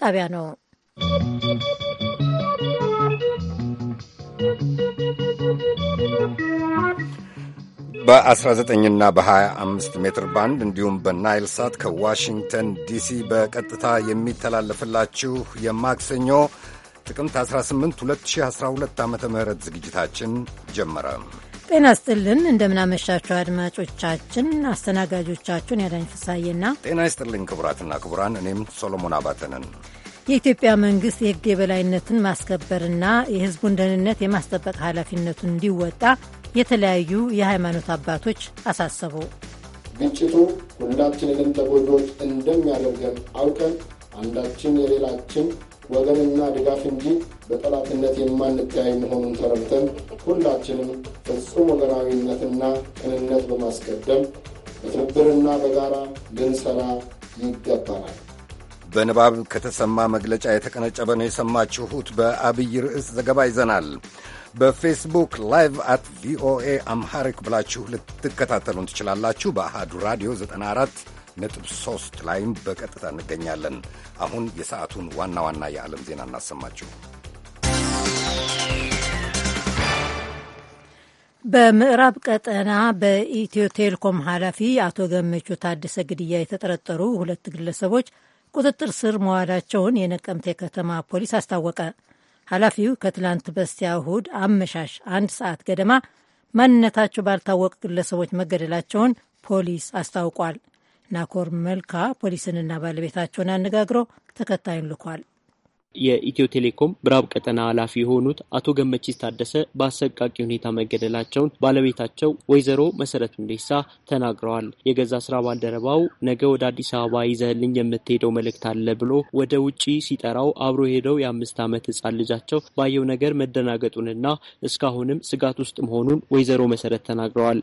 ጣቢያ ነው። 19 እና በ25 ሜትር ባንድ እንዲሁም በናይል ሳት ከዋሽንግተን ዲሲ በቀጥታ የሚተላለፍላችሁ የማክሰኞ ጥቅምት 18 2012 ዓ ም ዝግጅታችን ጀመረ። ጤና ስጥልን፣ እንደምናመሻቸው አድማጮቻችን። አስተናጋጆቻችሁን ያዳኝ ፍሳዬና ጤና ይስጥልኝ ክቡራትና ክቡራን፣ እኔም ሶሎሞን አባተንን። የኢትዮጵያ መንግስት የህግ የበላይነትን ማስከበርና የህዝቡን ደህንነት የማስጠበቅ ኃላፊነቱን እንዲወጣ የተለያዩ የሃይማኖት አባቶች አሳሰቡ። ግጭቱ ሁላችንንም ተጎጂዎች እንደሚያደርገን አውቀን አንዳችን የሌላችን ወገንና ድጋፍ እንጂ በጠላትነት የማንተያይ መሆኑን ተረድተን ሁላችንም ፍጹም ወገናዊነትና ቅንነት በማስቀደም በትብብርና በጋራ ልንሰራ ይገባናል። በንባብ ከተሰማ መግለጫ የተቀነጨበ ነው የሰማችሁት። በአብይ ርዕስ ዘገባ ይዘናል። በፌስቡክ ላይቭ አት ቪኦኤ አምሃሪክ ብላችሁ ልትከታተሉን ትችላላችሁ። በአሃዱ ራዲዮ 94 ነጥብ ሶስት ላይም በቀጥታ እንገኛለን። አሁን የሰዓቱን ዋና ዋና የዓለም ዜና እናሰማችሁ። በምዕራብ ቀጠና በኢትዮ ቴሌኮም ኃላፊ አቶ ገመቹ ታደሰ ግድያ የተጠረጠሩ ሁለት ግለሰቦች ቁጥጥር ስር መዋላቸውን የነቀምቴ ከተማ ፖሊስ አስታወቀ። ኃላፊው ከትላንት በስቲያ እሁድ አመሻሽ አንድ ሰዓት ገደማ ማንነታቸው ባልታወቅ ግለሰቦች መገደላቸውን ፖሊስ አስታውቋል። ናኮር መልካ ፖሊስንና ባለቤታቸውን አነጋግሮ ተከታዩን ልኳል። የኢትዮ ቴሌኮም ብራብ ቀጠና ኃላፊ የሆኑት አቶ ገመቺስ ታደሰ በአሰቃቂ ሁኔታ መገደላቸውን ባለቤታቸው ወይዘሮ መሰረት ሁንዴሳ ተናግረዋል። የገዛ ስራ ባልደረባው ነገ ወደ አዲስ አበባ ይዘህልኝ የምትሄደው መልእክት አለ ብሎ ወደ ውጪ ሲጠራው አብሮ ሄደው የአምስት ዓመት ህጻን ልጃቸው ባየው ነገር መደናገጡንና እስካሁንም ስጋት ውስጥ መሆኑን ወይዘሮ መሰረት ተናግረዋል።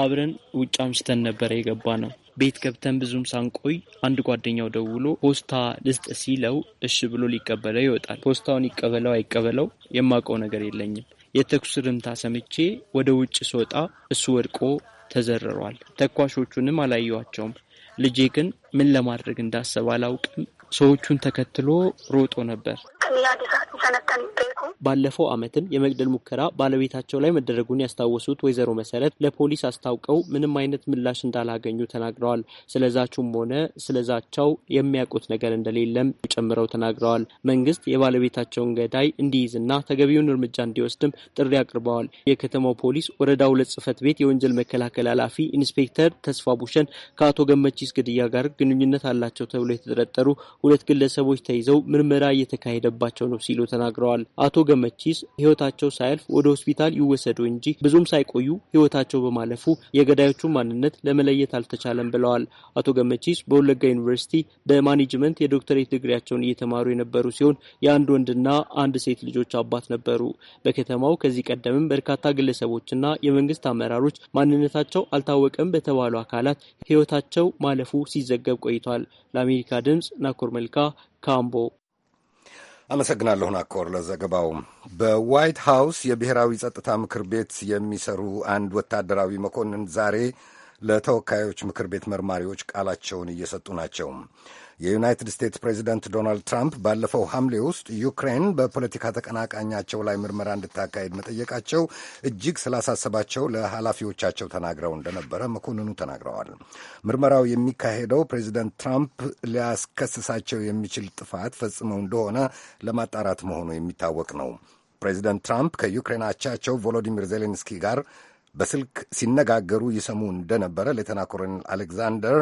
አብረን ውጭ አምስተን ነበረ የገባ ነው። ቤት ገብተን ብዙም ሳንቆይ አንድ ጓደኛው ደውሎ ፖስታ ልስጥ ሲለው እሺ ብሎ ሊቀበለው ይወጣል። ፖስታውን ይቀበለው አይቀበለው የማውቀው ነገር የለኝም። የተኩስ ርምታ ሰምቼ ወደ ውጭ ስወጣ እሱ ወድቆ ተዘርሯል። ተኳሾቹንም አላየዋቸውም። ልጄ ግን ምን ለማድረግ እንዳሰብ አላውቅም ሰዎቹን ተከትሎ ሮጦ ነበር። ባለፈው ዓመትም የመግደል ሙከራ ባለቤታቸው ላይ መደረጉን ያስታወሱት ወይዘሮ መሰረት ለፖሊስ አስታውቀው ምንም አይነት ምላሽ እንዳላገኙ ተናግረዋል። ስለዛችሁም ሆነ ስለዛቸው የሚያውቁት ነገር እንደሌለም ጨምረው ተናግረዋል። መንግስት የባለቤታቸውን ገዳይ እንዲይዝና ተገቢውን እርምጃ እንዲወስድም ጥሪ አቅርበዋል። የከተማው ፖሊስ ወረዳ ሁለት ጽህፈት ቤት የወንጀል መከላከል ኃላፊ ኢንስፔክተር ተስፋ ቡሸን ከአቶ ገመቺስ ግድያ ጋር ግንኙነት አላቸው ተብሎ የተጠረጠሩ ሁለት ግለሰቦች ተይዘው ምርመራ እየተካሄደባቸው ነው ሲሉ ተናግረዋል። አቶ ገመቺስ ህይወታቸው ሳያልፍ ወደ ሆስፒታል ይወሰዱ እንጂ ብዙም ሳይቆዩ ህይወታቸው በማለፉ የገዳዮቹ ማንነት ለመለየት አልተቻለም ብለዋል። አቶ ገመቺስ በወለጋ ዩኒቨርሲቲ በማኔጅመንት የዶክተሬት ድግሪያቸውን እየተማሩ የነበሩ ሲሆን የአንድ ወንድና አንድ ሴት ልጆች አባት ነበሩ። በከተማው ከዚህ ቀደምም በርካታ ግለሰቦችና የመንግስት አመራሮች ማንነታቸው አልታወቀም በተባሉ አካላት ህይወታቸው ማለፉ ሲዘገብ ቆይቷል። ለአሜሪካ ድምጽ ናኮር ናኮር መልካ ካምቦ አመሰግናለሁ ናኮር ለዘገባው። በዋይት ሃውስ የብሔራዊ ጸጥታ ምክር ቤት የሚሰሩ አንድ ወታደራዊ መኮንን ዛሬ ለተወካዮች ምክር ቤት መርማሪዎች ቃላቸውን እየሰጡ ናቸው። የዩናይትድ ስቴትስ ፕሬዚደንት ዶናልድ ትራምፕ ባለፈው ሐምሌ ውስጥ ዩክሬን በፖለቲካ ተቀናቃኛቸው ላይ ምርመራ እንድታካሄድ መጠየቃቸው እጅግ ስላሳሰባቸው ለኃላፊዎቻቸው ተናግረው እንደነበረ መኮንኑ ተናግረዋል። ምርመራው የሚካሄደው ፕሬዚደንት ትራምፕ ሊያስከስሳቸው የሚችል ጥፋት ፈጽመው እንደሆነ ለማጣራት መሆኑ የሚታወቅ ነው። ፕሬዚደንት ትራምፕ ከዩክሬን አቻቸው ቮሎዲሚር ዜሌንስኪ ጋር በስልክ ሲነጋገሩ ይሰሙ እንደነበረ ሌተና ኮሎኔል አሌክዛንደር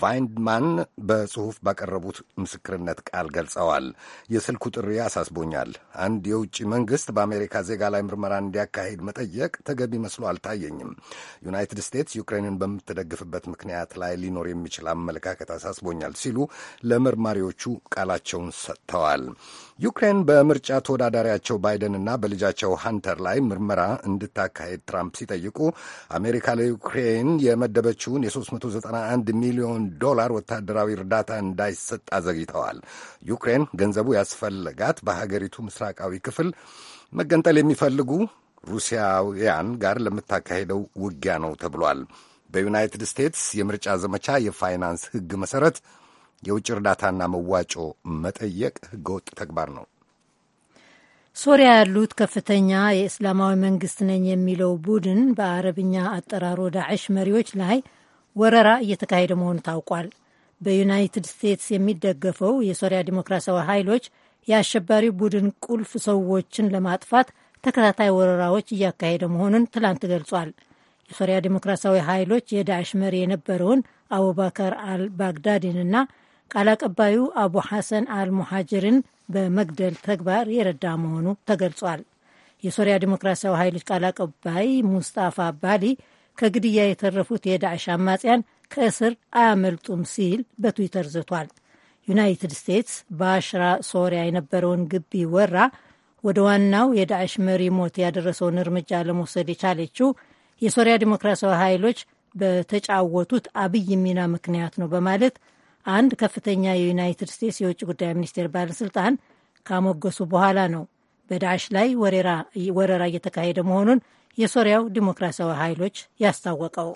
ቫይንድማን በጽሑፍ ባቀረቡት ምስክርነት ቃል ገልጸዋል። የስልኩ ጥሪ አሳስቦኛል። አንድ የውጭ መንግስት በአሜሪካ ዜጋ ላይ ምርመራ እንዲያካሂድ መጠየቅ ተገቢ መስሎ አልታየኝም። ዩናይትድ ስቴትስ ዩክሬንን በምትደግፍበት ምክንያት ላይ ሊኖር የሚችል አመለካከት አሳስቦኛል ሲሉ ለመርማሪዎቹ ቃላቸውን ሰጥተዋል። ዩክሬን በምርጫ ተወዳዳሪያቸው ባይደንና በልጃቸው ሀንተር ላይ ምርመራ እንድታካሄድ ትራምፕ ሲጠይቁ አሜሪካ ለዩክሬን የመደበችውን የ391 ሚሊዮን ዶላር ወታደራዊ እርዳታ እንዳይሰጥ አዘግይተዋል። ዩክሬን ገንዘቡ ያስፈለጋት በሀገሪቱ ምስራቃዊ ክፍል መገንጠል የሚፈልጉ ሩሲያውያን ጋር ለምታካሄደው ውጊያ ነው ተብሏል። በዩናይትድ ስቴትስ የምርጫ ዘመቻ የፋይናንስ ሕግ መሠረት የውጭ እርዳታና መዋጮ መጠየቅ ህገወጥ ተግባር ነው። ሶሪያ ያሉት ከፍተኛ የእስላማዊ መንግስት ነኝ የሚለው ቡድን በአረብኛ አጠራሮ ዳዕሽ መሪዎች ላይ ወረራ እየተካሄደ መሆኑ ታውቋል። በዩናይትድ ስቴትስ የሚደገፈው የሶሪያ ዲሞክራሲያዊ ኃይሎች የአሸባሪ ቡድን ቁልፍ ሰዎችን ለማጥፋት ተከታታይ ወረራዎች እያካሄደ መሆኑን ትላንት ገልጿል። የሶሪያ ዲሞክራሲያዊ ኃይሎች የዳዕሽ መሪ የነበረውን አቡባከር አልባግዳዲንና ቃል አቀባዩ አቡ ሐሰን አልሙሃጅርን በመግደል ተግባር የረዳ መሆኑ ተገልጿል። የሶሪያ ዲሞክራሲያዊ ኃይሎች ቃል አቀባይ ሙስጣፋ ባሊ ከግድያ የተረፉት የዳዕሽ አማጽያን ከእስር አያመልጡም ሲል በትዊተር ዝቷል። ዩናይትድ ስቴትስ በአሽራ ሶሪያ የነበረውን ግቢ ወራ ወደ ዋናው የዳዕሽ መሪ ሞት ያደረሰውን እርምጃ ለመውሰድ የቻለችው የሶሪያ ዲሞክራሲያዊ ኃይሎች በተጫወቱት አብይ ሚና ምክንያት ነው በማለት አንድ ከፍተኛ የዩናይትድ ስቴትስ የውጭ ጉዳይ ሚኒስቴር ባለስልጣን ካሞገሱ በኋላ ነው በዳዕሽ ላይ ወረራ እየተካሄደ መሆኑን የሶሪያው ዲሞክራሲያዊ ኃይሎች ያስታወቀው።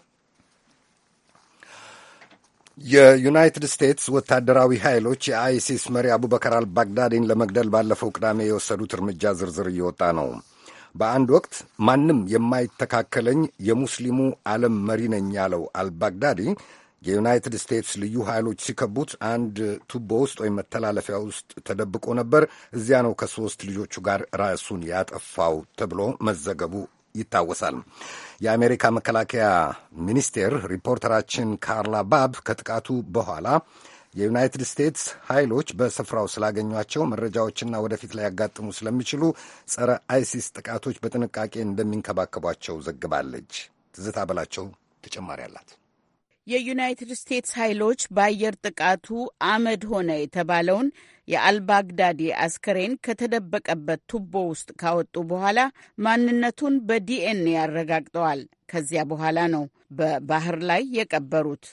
የዩናይትድ ስቴትስ ወታደራዊ ኃይሎች የአይሲስ መሪ አቡበከር አልባግዳዲን ለመግደል ባለፈው ቅዳሜ የወሰዱት እርምጃ ዝርዝር እየወጣ ነው። በአንድ ወቅት ማንም የማይተካከለኝ የሙስሊሙ ዓለም መሪ ነኝ ያለው አልባግዳዲ የዩናይትድ ስቴትስ ልዩ ኃይሎች ሲከቡት አንድ ቱቦ ውስጥ ወይም መተላለፊያ ውስጥ ተደብቆ ነበር። እዚያ ነው ከሶስት ልጆቹ ጋር ራሱን ያጠፋው ተብሎ መዘገቡ ይታወሳል። የአሜሪካ መከላከያ ሚኒስቴር ሪፖርተራችን ካርላ ባብ ከጥቃቱ በኋላ የዩናይትድ ስቴትስ ኃይሎች በስፍራው ስላገኟቸው መረጃዎችና ወደፊት ላይ ያጋጥሙ ስለሚችሉ ጸረ አይሲስ ጥቃቶች በጥንቃቄ እንደሚንከባከቧቸው ዘግባለች። ትዝታ በላቸው ተጨማሪ አላት። የዩናይትድ ስቴትስ ኃይሎች በአየር ጥቃቱ አመድ ሆነ የተባለውን የአልባግዳዲ አስከሬን ከተደበቀበት ቱቦ ውስጥ ካወጡ በኋላ ማንነቱን በዲኤንኤ አረጋግጠዋል። ከዚያ በኋላ ነው በባህር ላይ የቀበሩት።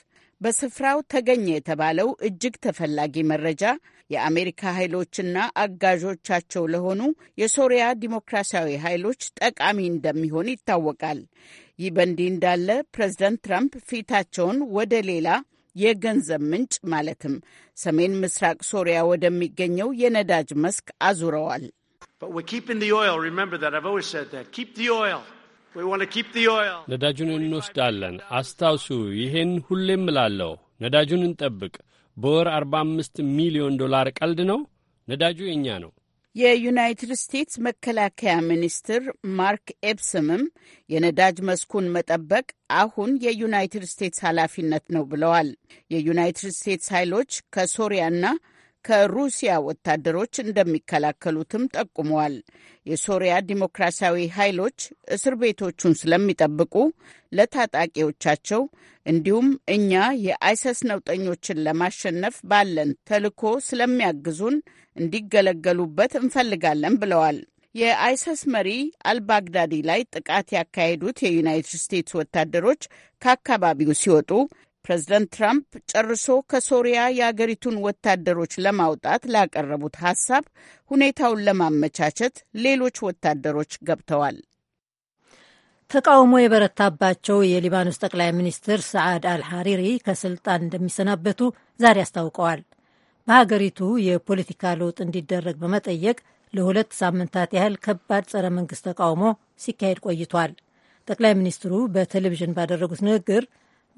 በስፍራው ተገኘ የተባለው እጅግ ተፈላጊ መረጃ የአሜሪካ ኃይሎችና አጋዦቻቸው ለሆኑ የሶሪያ ዲሞክራሲያዊ ኃይሎች ጠቃሚ እንደሚሆን ይታወቃል። ይህ በእንዲህ እንዳለ ፕሬዝደንት ትራምፕ ፊታቸውን ወደ ሌላ የገንዘብ ምንጭ ማለትም ሰሜን ምስራቅ ሶሪያ ወደሚገኘው የነዳጅ መስክ አዙረዋል። ነዳጁን እንወስዳለን። አስታውሱ፣ ይሄን ሁሌም እላለሁ። ነዳጁን እንጠብቅ። በወር 45 ሚሊዮን ዶላር ቀልድ ነው። ነዳጁ የእኛ ነው። የዩናይትድ ስቴትስ መከላከያ ሚኒስትር ማርክ ኤፕስምም የነዳጅ መስኩን መጠበቅ አሁን የዩናይትድ ስቴትስ ኃላፊነት ነው ብለዋል። የዩናይትድ ስቴትስ ኃይሎች ከሶሪያና ከሩሲያ ወታደሮች እንደሚከላከሉትም ጠቁመዋል። የሶሪያ ዲሞክራሲያዊ ኃይሎች እስር ቤቶቹን ስለሚጠብቁ ለታጣቂዎቻቸው እንዲሁም እኛ የአይሰስ ነውጠኞችን ለማሸነፍ ባለን ተልዕኮ ስለሚያግዙን እንዲገለገሉበት እንፈልጋለን ብለዋል። የአይሰስ መሪ አልባግዳዲ ላይ ጥቃት ያካሄዱት የዩናይትድ ስቴትስ ወታደሮች ከአካባቢው ሲወጡ ፕሬዝደንት ትራምፕ ጨርሶ ከሶሪያ የአገሪቱን ወታደሮች ለማውጣት ላቀረቡት ሀሳብ ሁኔታውን ለማመቻቸት ሌሎች ወታደሮች ገብተዋል። ተቃውሞ የበረታባቸው የሊባኖስ ጠቅላይ ሚኒስትር ሰዓድ አልሐሪሪ ከስልጣን እንደሚሰናበቱ ዛሬ አስታውቀዋል። በሀገሪቱ የፖለቲካ ለውጥ እንዲደረግ በመጠየቅ ለሁለት ሳምንታት ያህል ከባድ ጸረ መንግስት ተቃውሞ ሲካሄድ ቆይቷል። ጠቅላይ ሚኒስትሩ በቴሌቪዥን ባደረጉት ንግግር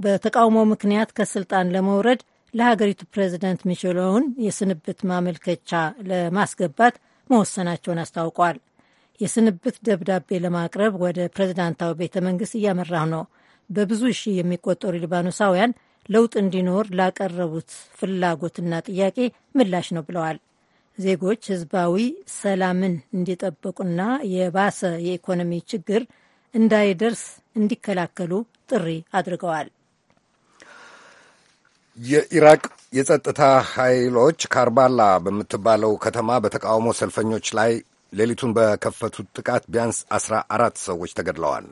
በተቃውሞ ምክንያት ከስልጣን ለመውረድ ለሀገሪቱ ፕሬዚደንት ሚchel የስንብት ማመልከቻ ለማስገባት መወሰናቸውን አስታውቋል። የስንብት ደብዳቤ ለማቅረብ ወደ ፕሬዚዳንታዊ ቤተ መንግስት እያመራሁ ነው። በብዙ ሺህ የሚቆጠሩ ሊባኖሳውያን ለውጥ እንዲኖር ላቀረቡት ፍላጎትና ጥያቄ ምላሽ ነው ብለዋል። ዜጎች ህዝባዊ ሰላምን እንዲጠብቁና የባሰ የኢኮኖሚ ችግር እንዳይደርስ እንዲከላከሉ ጥሪ አድርገዋል። የኢራቅ የጸጥታ ኃይሎች ካርባላ በምትባለው ከተማ በተቃውሞ ሰልፈኞች ላይ ሌሊቱን በከፈቱት ጥቃት ቢያንስ አስራ አራት ሰዎች ተገድለዋል።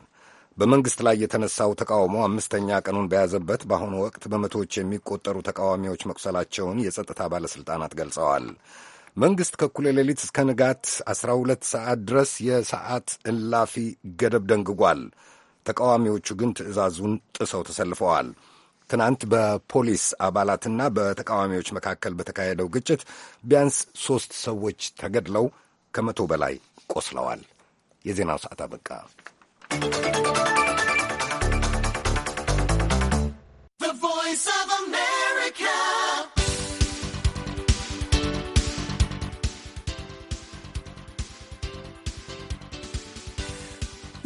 በመንግሥት ላይ የተነሳው ተቃውሞ አምስተኛ ቀኑን በያዘበት በአሁኑ ወቅት በመቶዎች የሚቆጠሩ ተቃዋሚዎች መቁሰላቸውን የጸጥታ ባለሥልጣናት ገልጸዋል። መንግሥት ከእኩለ ሌሊት እስከ ንጋት 12 ሰዓት ድረስ የሰዓት እላፊ ገደብ ደንግጓል። ተቃዋሚዎቹ ግን ትዕዛዙን ጥሰው ተሰልፈዋል። ትናንት በፖሊስ አባላትና በተቃዋሚዎች መካከል በተካሄደው ግጭት ቢያንስ ሦስት ሰዎች ተገድለው ከመቶ በላይ ቆስለዋል። የዜናው ሰዓት አበቃ።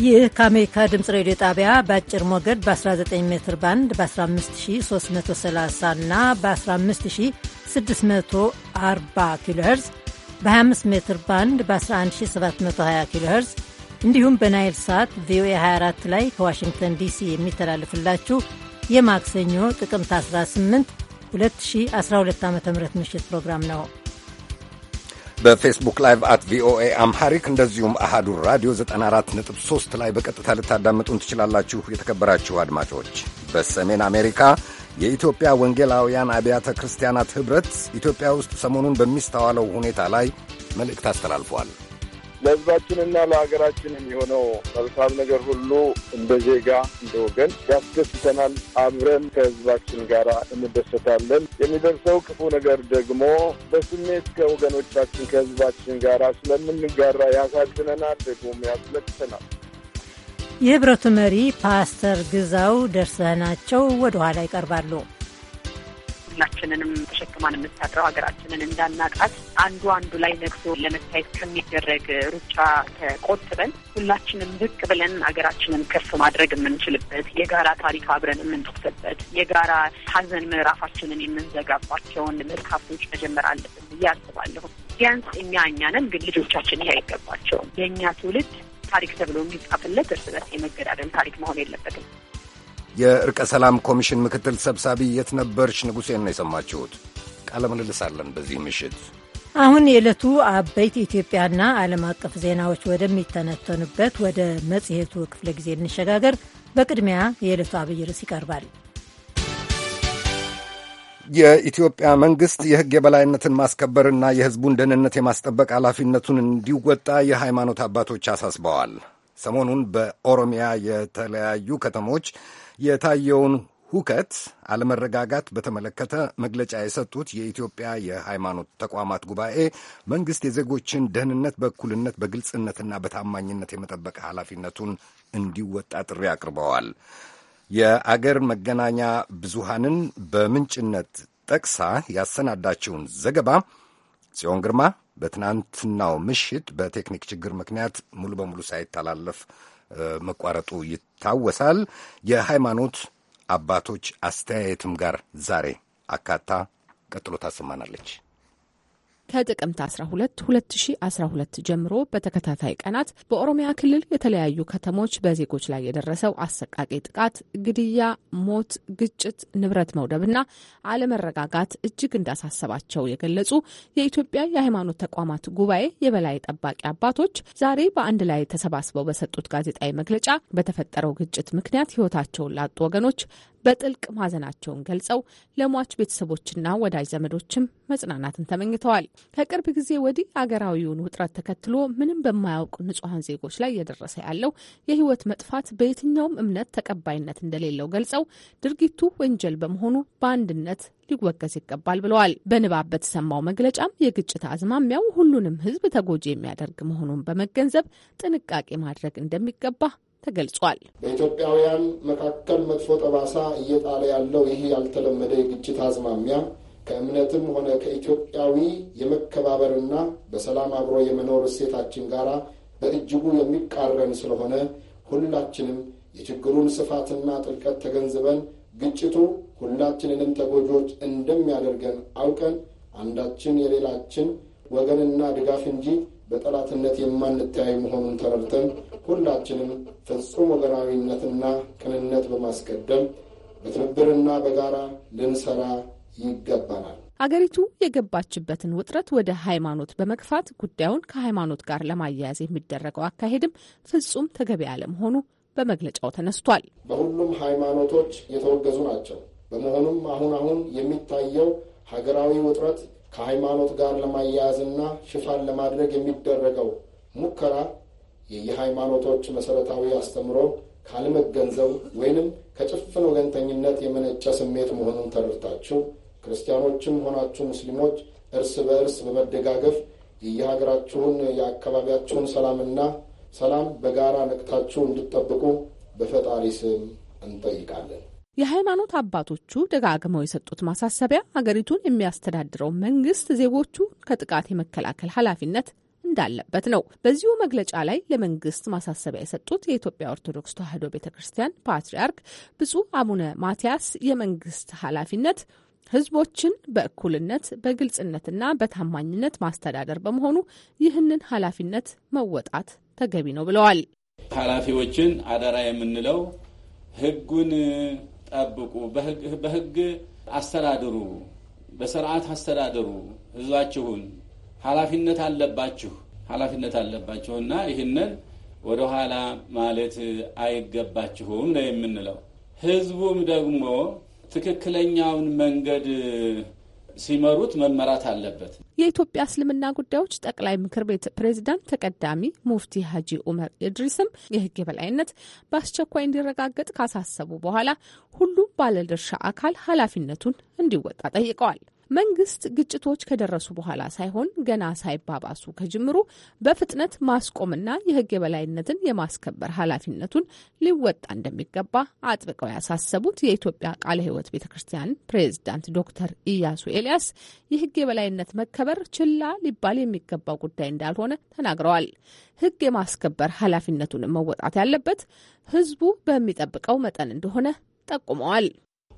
ይህ ከአሜሪካ ድምፅ ሬዲዮ ጣቢያ በአጭር ሞገድ በ19 ሜትር ባንድ በ15330 እና በ15640 ኪሎ ሄርዝ በ25 ሜትር ባንድ በ11720 ኪሎ ሄርዝ እንዲሁም በናይል ሳት ቪኦኤ 24 ላይ ከዋሽንግተን ዲሲ የሚተላልፍላችሁ የማክሰኞ ጥቅምት 18 2012 ዓ ም ምሽት ፕሮግራም ነው። በፌስቡክ ላይቭ አት ቪኦኤ አምሐሪክ እንደዚሁም አሃዱ ራዲዮ 94.3 ላይ በቀጥታ ልታዳምጡን ትችላላችሁ። የተከበራችሁ አድማጮች በሰሜን አሜሪካ የኢትዮጵያ ወንጌላውያን አብያተ ክርስቲያናት ኅብረት ኢትዮጵያ ውስጥ ሰሞኑን በሚስተዋለው ሁኔታ ላይ መልእክት አስተላልፏል። ለሕዝባችንና ለሀገራችን የሚሆነው መልካም ነገር ሁሉ እንደ ዜጋ እንደ ወገን ያስደስተናል። አብረን ከህዝባችን ጋር እንደሰታለን። የሚደርሰው ክፉ ነገር ደግሞ በስሜት ከወገኖቻችን ከህዝባችን ጋር ስለምንጋራ ያሳዝነናል፣ ደግሞ ያስለቅሰናል። የህብረቱ መሪ ፓስተር ግዛው ደርሰናቸው ወደ ኋላ ይቀርባሉ። ሁላችንንም ተሸክማን የምታድረው ሀገራችንን እንዳናጣት አንዱ አንዱ ላይ ነግሶ ለመታየት ከሚደረግ ሩጫ ተቆጥበን ሁላችንም ብቅ ብለን ሀገራችንን ከፍ ማድረግ የምንችልበት የጋራ ታሪክ አብረን የምንጠቅስበት የጋራ ሀዘን ምዕራፋችንን የምንዘጋባቸውን መጽሐፎች መጀመር አለብን ብዬ አስባለሁ። ቢያንስ እኛ እኛንን ግን ልጆቻችን ይህ አይገባቸውም። የእኛ ትውልድ ታሪክ ተብሎ የሚጻፍለት እርስ በርስ የመገዳደል ታሪክ መሆን የለበትም። የእርቀ ሰላም ኮሚሽን ምክትል ሰብሳቢ የት ነበርች ንጉሴን ነው የሰማችሁት። ቃለ ምልልስ አለን በዚህ ምሽት። አሁን የዕለቱ አበይት ኢትዮጵያና ዓለም አቀፍ ዜናዎች ወደሚተነተኑበት ወደ መጽሔቱ ክፍለ ጊዜ እንሸጋገር። በቅድሚያ የዕለቱ አብይ ርዕስ ይቀርባል። የኢትዮጵያ መንግሥት የሕግ የበላይነትን ማስከበርና የሕዝቡን ደህንነት የማስጠበቅ ኃላፊነቱን እንዲወጣ የሃይማኖት አባቶች አሳስበዋል። ሰሞኑን በኦሮሚያ የተለያዩ ከተሞች የታየውን ሁከት፣ አለመረጋጋት በተመለከተ መግለጫ የሰጡት የኢትዮጵያ የሃይማኖት ተቋማት ጉባኤ መንግሥት የዜጎችን ደህንነት በእኩልነት በግልጽነትና በታማኝነት የመጠበቅ ኃላፊነቱን እንዲወጣ ጥሪ አቅርበዋል። የአገር መገናኛ ብዙሃንን በምንጭነት ጠቅሳ ያሰናዳችውን ዘገባ ጽዮን ግርማ በትናንትናው ምሽት በቴክኒክ ችግር ምክንያት ሙሉ በሙሉ ሳይተላለፍ መቋረጡ ይታወሳል። የሃይማኖት አባቶች አስተያየትም ጋር ዛሬ አካታ ቀጥሎ ታሰማናለች። ከጥቅምት 12 2012 ጀምሮ በተከታታይ ቀናት በኦሮሚያ ክልል የተለያዩ ከተሞች በዜጎች ላይ የደረሰው አሰቃቂ ጥቃት፣ ግድያ፣ ሞት፣ ግጭት፣ ንብረት መውደብና አለመረጋጋት እጅግ እንዳሳሰባቸው የገለጹ የኢትዮጵያ የሃይማኖት ተቋማት ጉባኤ የበላይ ጠባቂ አባቶች ዛሬ በአንድ ላይ ተሰባስበው በሰጡት ጋዜጣዊ መግለጫ በተፈጠረው ግጭት ምክንያት ሕይወታቸውን ላጡ ወገኖች በጥልቅ ማዘናቸውን ገልጸው ለሟች ቤተሰቦችና ወዳጅ ዘመዶችም መጽናናትን ተመኝተዋል። ከቅርብ ጊዜ ወዲህ አገራዊውን ውጥረት ተከትሎ ምንም በማያውቅ ንጹሐን ዜጎች ላይ እየደረሰ ያለው የህይወት መጥፋት በየትኛውም እምነት ተቀባይነት እንደሌለው ገልጸው ድርጊቱ ወንጀል በመሆኑ በአንድነት ሊወገዝ ይገባል ብለዋል። በንባብ በተሰማው መግለጫም የግጭት አዝማሚያው ሁሉንም ህዝብ ተጎጂ የሚያደርግ መሆኑን በመገንዘብ ጥንቃቄ ማድረግ እንደሚገባ ተገልጿል። በኢትዮጵያውያን መካከል መጥፎ ጠባሳ እየጣለ ያለው ይህ ያልተለመደ የግጭት አዝማሚያ ከእምነትም ሆነ ከኢትዮጵያዊ የመከባበርና በሰላም አብሮ የመኖር እሴታችን ጋር በእጅጉ የሚቃረን ስለሆነ ሁላችንም የችግሩን ስፋትና ጥልቀት ተገንዝበን ግጭቱ ሁላችንንም ተጎጆች እንደሚያደርገን አውቀን አንዳችን የሌላችን ወገንና ድጋፍ እንጂ በጠላትነት የማንተያይ መሆኑን ተረድተን ሁላችንም ፍጹም ወገናዊነትና ቅንነት በማስቀደም በትብብርና በጋራ ልንሰራ ይገባናል። አገሪቱ የገባችበትን ውጥረት ወደ ሃይማኖት በመግፋት ጉዳዩን ከሃይማኖት ጋር ለማያያዝ የሚደረገው አካሄድም ፍጹም ተገቢ አለመሆኑ በመግለጫው ተነስቷል። በሁሉም ሃይማኖቶች የተወገዙ ናቸው። በመሆኑም አሁን አሁን የሚታየው ሀገራዊ ውጥረት ከሃይማኖት ጋር ለማያያዝና ሽፋን ለማድረግ የሚደረገው ሙከራ የየሃይማኖቶች መሠረታዊ አስተምሮ ካለመገንዘብ ወይንም ከጭፍን ወገንተኝነት የመነጨ ስሜት መሆኑን ተረድታችሁ ክርስቲያኖችም ሆናችሁ ሙስሊሞች እርስ በእርስ በመደጋገፍ የየሀገራችሁን የአካባቢያችሁን ሰላምና ሰላም በጋራ ነቅታችሁ እንድጠብቁ በፈጣሪ ስም እንጠይቃለን። የሃይማኖት አባቶቹ ደጋግመው የሰጡት ማሳሰቢያ ሀገሪቱን የሚያስተዳድረው መንግስት ዜጎቹ ከጥቃት የመከላከል ኃላፊነት እንዳለበት ነው። በዚሁ መግለጫ ላይ ለመንግስት ማሳሰቢያ የሰጡት የኢትዮጵያ ኦርቶዶክስ ተዋሕዶ ቤተ ክርስቲያን ፓትርያርክ ብፁዕ አቡነ ማትያስ የመንግስት ኃላፊነት ህዝቦችን በእኩልነት በግልጽነትና በታማኝነት ማስተዳደር በመሆኑ ይህንን ኃላፊነት መወጣት ተገቢ ነው ብለዋል። ኃላፊዎችን አደራ የምንለው ህጉን ጠብቁ፣ በህግ አስተዳድሩ፣ በስርዓት አስተዳድሩ፣ ህዝባችሁን ኃላፊነት አለባችሁ ኃላፊነት አለባችሁ እና ይህንን ወደኋላ ማለት አይገባችሁም ነው የምንለው። ህዝቡም ደግሞ ትክክለኛውን መንገድ ሲመሩት መመራት አለበት። የኢትዮጵያ እስልምና ጉዳዮች ጠቅላይ ምክር ቤት ፕሬዝዳንት ተቀዳሚ ሙፍቲ ሀጂ ኡመር ኢድሪስም የህግ የበላይነት በአስቸኳይ እንዲረጋገጥ ካሳሰቡ በኋላ ሁሉም ባለድርሻ አካል ኃላፊነቱን እንዲወጣ ጠይቀዋል። መንግስት ግጭቶች ከደረሱ በኋላ ሳይሆን ገና ሳይባባሱ ከጅምሩ በፍጥነት ማስቆምና የህግ የበላይነትን የማስከበር ኃላፊነቱን ሊወጣ እንደሚገባ አጥብቀው ያሳሰቡት የኢትዮጵያ ቃለ ህይወት ቤተ ክርስቲያን ፕሬዝዳንት ዶክተር ኢያሱ ኤልያስ የህግ የበላይነት መከበር ችላ ሊባል የሚገባው ጉዳይ እንዳልሆነ ተናግረዋል። ህግ የማስከበር ኃላፊነቱን መወጣት ያለበት ህዝቡ በሚጠብቀው መጠን እንደሆነ ጠቁመዋል።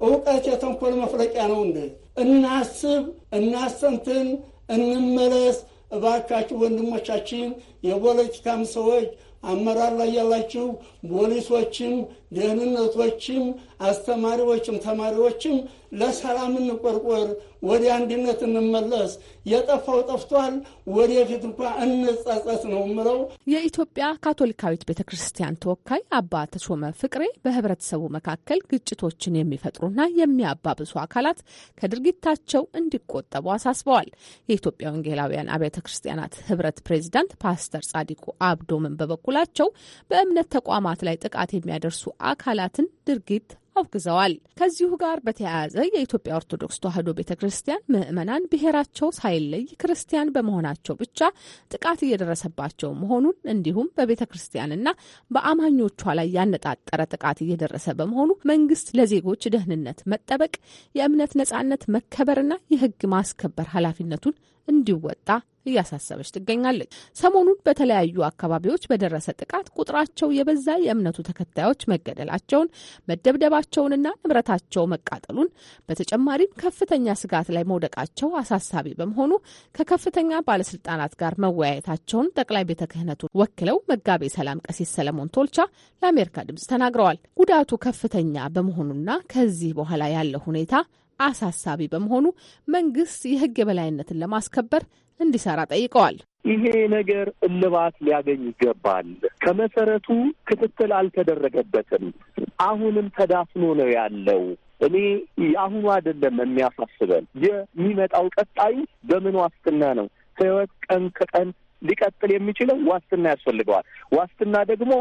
እውቀት የተንኮል መፍለቂያ ነው እንዴ? እናስብ፣ እናሰንትን፣ እንመለስ እባካችሁ ወንድሞቻችን የፖለቲካም ሰዎች አመራር ላይ ያላችሁ ፖሊሶችም ደህንነቶችም፣ አስተማሪዎችም፣ ተማሪዎችም ለሰላም እንቆርቆር፣ ወደ አንድነት እንመለስ። የጠፋው ጠፍቷል፣ ወደፊት እንኳ እንጸጸት ነው ምለው። የኢትዮጵያ ካቶሊካዊት ቤተ ክርስቲያን ተወካይ አባ ተሾመ ፍቅሬ በህብረተሰቡ መካከል ግጭቶችን የሚፈጥሩና የሚያባብሱ አካላት ከድርጊታቸው እንዲቆጠቡ አሳስበዋል። የኢትዮጵያ ወንጌላውያን አብያተ ክርስቲያናት ህብረት ፕሬዚዳንት ፓስተር ጻዲቁ አብዶምን በበኩላቸው በእምነት ተቋማት ላይ ጥቃት የሚያደርሱ አካላትን ድርጊት አውግዘዋል። ከዚሁ ጋር በተያያዘ የኢትዮጵያ ኦርቶዶክስ ተዋሕዶ ቤተ ክርስቲያን ምዕመናን ብሔራቸው ሳይለይ ክርስቲያን በመሆናቸው ብቻ ጥቃት እየደረሰባቸው መሆኑን እንዲሁም በቤተ ክርስቲያንና በአማኞቿ ላይ ያነጣጠረ ጥቃት እየደረሰ በመሆኑ መንግስት ለዜጎች ደህንነት መጠበቅ፣ የእምነት ነጻነት መከበርና የህግ ማስከበር ኃላፊነቱን እንዲወጣ እያሳሰበች ትገኛለች። ሰሞኑን በተለያዩ አካባቢዎች በደረሰ ጥቃት ቁጥራቸው የበዛ የእምነቱ ተከታዮች መገደላቸውን፣ መደብደባቸውንና ንብረታቸው መቃጠሉን በተጨማሪም ከፍተኛ ስጋት ላይ መውደቃቸው አሳሳቢ በመሆኑ ከከፍተኛ ባለስልጣናት ጋር መወያየታቸውን ጠቅላይ ቤተ ክህነቱ ወክለው መጋቤ ሰላም ቀሲስ ሰለሞን ቶልቻ ለአሜሪካ ድምጽ ተናግረዋል። ጉዳቱ ከፍተኛ በመሆኑና ከዚህ በኋላ ያለው ሁኔታ አሳሳቢ በመሆኑ መንግስት የህግ የበላይነትን ለማስከበር እንዲሰራ ጠይቀዋል። ይሄ ነገር እልባት ሊያገኝ ይገባል። ከመሰረቱ ክትትል አልተደረገበትም። አሁንም ተዳፍኖ ነው ያለው። እኔ የአሁኑ አይደለም የሚያሳስበን፣ የሚመጣው ቀጣዩ በምን ዋስትና ነው? ህይወት ቀን ከቀን ሊቀጥል የሚችለው ዋስትና ያስፈልገዋል። ዋስትና ደግሞ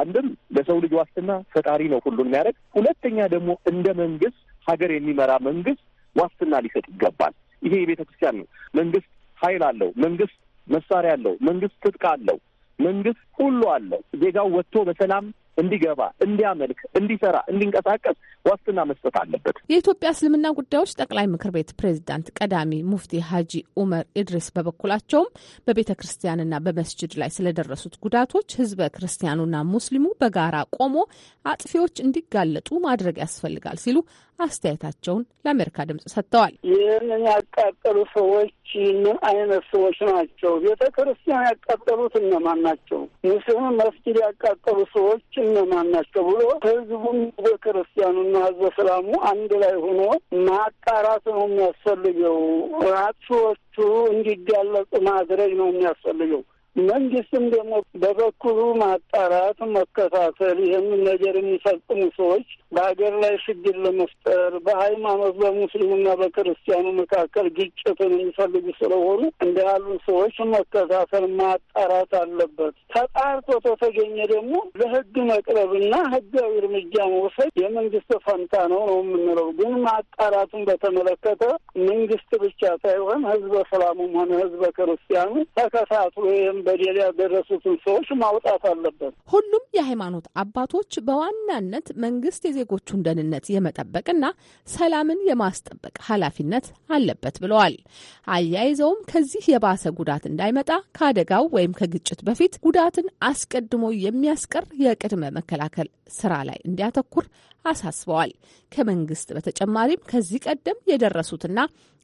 አንድም ለሰው ልጅ ዋስትና ፈጣሪ ነው ሁሉን የሚያደርግ፣ ሁለተኛ ደግሞ እንደ መንግስት ሀገር የሚመራ መንግስት ዋስትና ሊሰጥ ይገባል። ይሄ የቤተ ክርስቲያን ነው። መንግስት ኃይል አለው። መንግስት መሳሪያ አለው። መንግስት ትጥቅ አለው። መንግስት ሁሉ አለ ዜጋው ወጥቶ በሰላም እንዲገባ፣ እንዲያመልክ፣ እንዲሰራ፣ እንዲንቀሳቀስ ዋስትና መስጠት አለበት። የኢትዮጵያ እስልምና ጉዳዮች ጠቅላይ ምክር ቤት ፕሬዚዳንት ቀዳሚ ሙፍቲ ሀጂ ኡመር ኢድሪስ በበኩላቸውም በቤተ ክርስቲያንና በመስጅድ ላይ ስለደረሱት ጉዳቶች ህዝበ ክርስቲያኑና ሙስሊሙ በጋራ ቆሞ አጥፊዎች እንዲጋለጡ ማድረግ ያስፈልጋል ሲሉ አስተያየታቸውን ለአሜሪካ ድምጽ ሰጥተዋል። ይህንን ያቃጠሉ ሰዎች ይህንን አይነት ሰዎች ናቸው። ቤተ ክርስቲያን ያቃጠሉት እነማን ናቸው? የስም መስጊድ ያቃጠሉ ሰዎች እነማን ናቸው ብሎ ህዝቡም በክርስቲያኑና ህዝበ ሰላሙ አንድ ላይ ሆኖ ማጣራት ነው የሚያስፈልገው። ራሶቹ እንዲጋለጡ ማድረግ ነው የሚያስፈልገው። መንግስትም ደግሞ በበኩሉ ማጣራት፣ መከታተል ይህንን ነገር የሚፈጽሙ ሰዎች በሀገር ላይ ችግር ለመፍጠር በሃይማኖት በሙስሊሙና በክርስቲያኑ መካከል ግጭትን የሚፈልጉ ስለሆኑ እንደ ያሉ ሰዎች መከታተል ማጣራት አለበት። ተጣርቶ ተተገኘ ደግሞ ለህግ መቅረብና ህጋዊ እርምጃ መውሰድ የመንግስት ፈንታ ነው ነው የምንለው። ግን ማጣራቱን በተመለከተ መንግስት ብቻ ሳይሆን ህዝበ ሰላሙም ሆነ ህዝበ ክርስቲያኑ ተከታትሎ በደል ያደረሱትን ሰዎች ማውጣት አለበት። ሁሉም የሃይማኖት አባቶች በዋናነት መንግስት የዜጎቹን ደህንነት የመጠበቅና ሰላምን የማስጠበቅ ኃላፊነት አለበት ብለዋል። አያይዘውም ከዚህ የባሰ ጉዳት እንዳይመጣ ከአደጋው ወይም ከግጭት በፊት ጉዳትን አስቀድሞ የሚያስቀር የቅድመ መከላከል ስራ ላይ እንዲያተኩር አሳስበዋል። ከመንግስት በተጨማሪም ከዚህ ቀደም የደረሱትና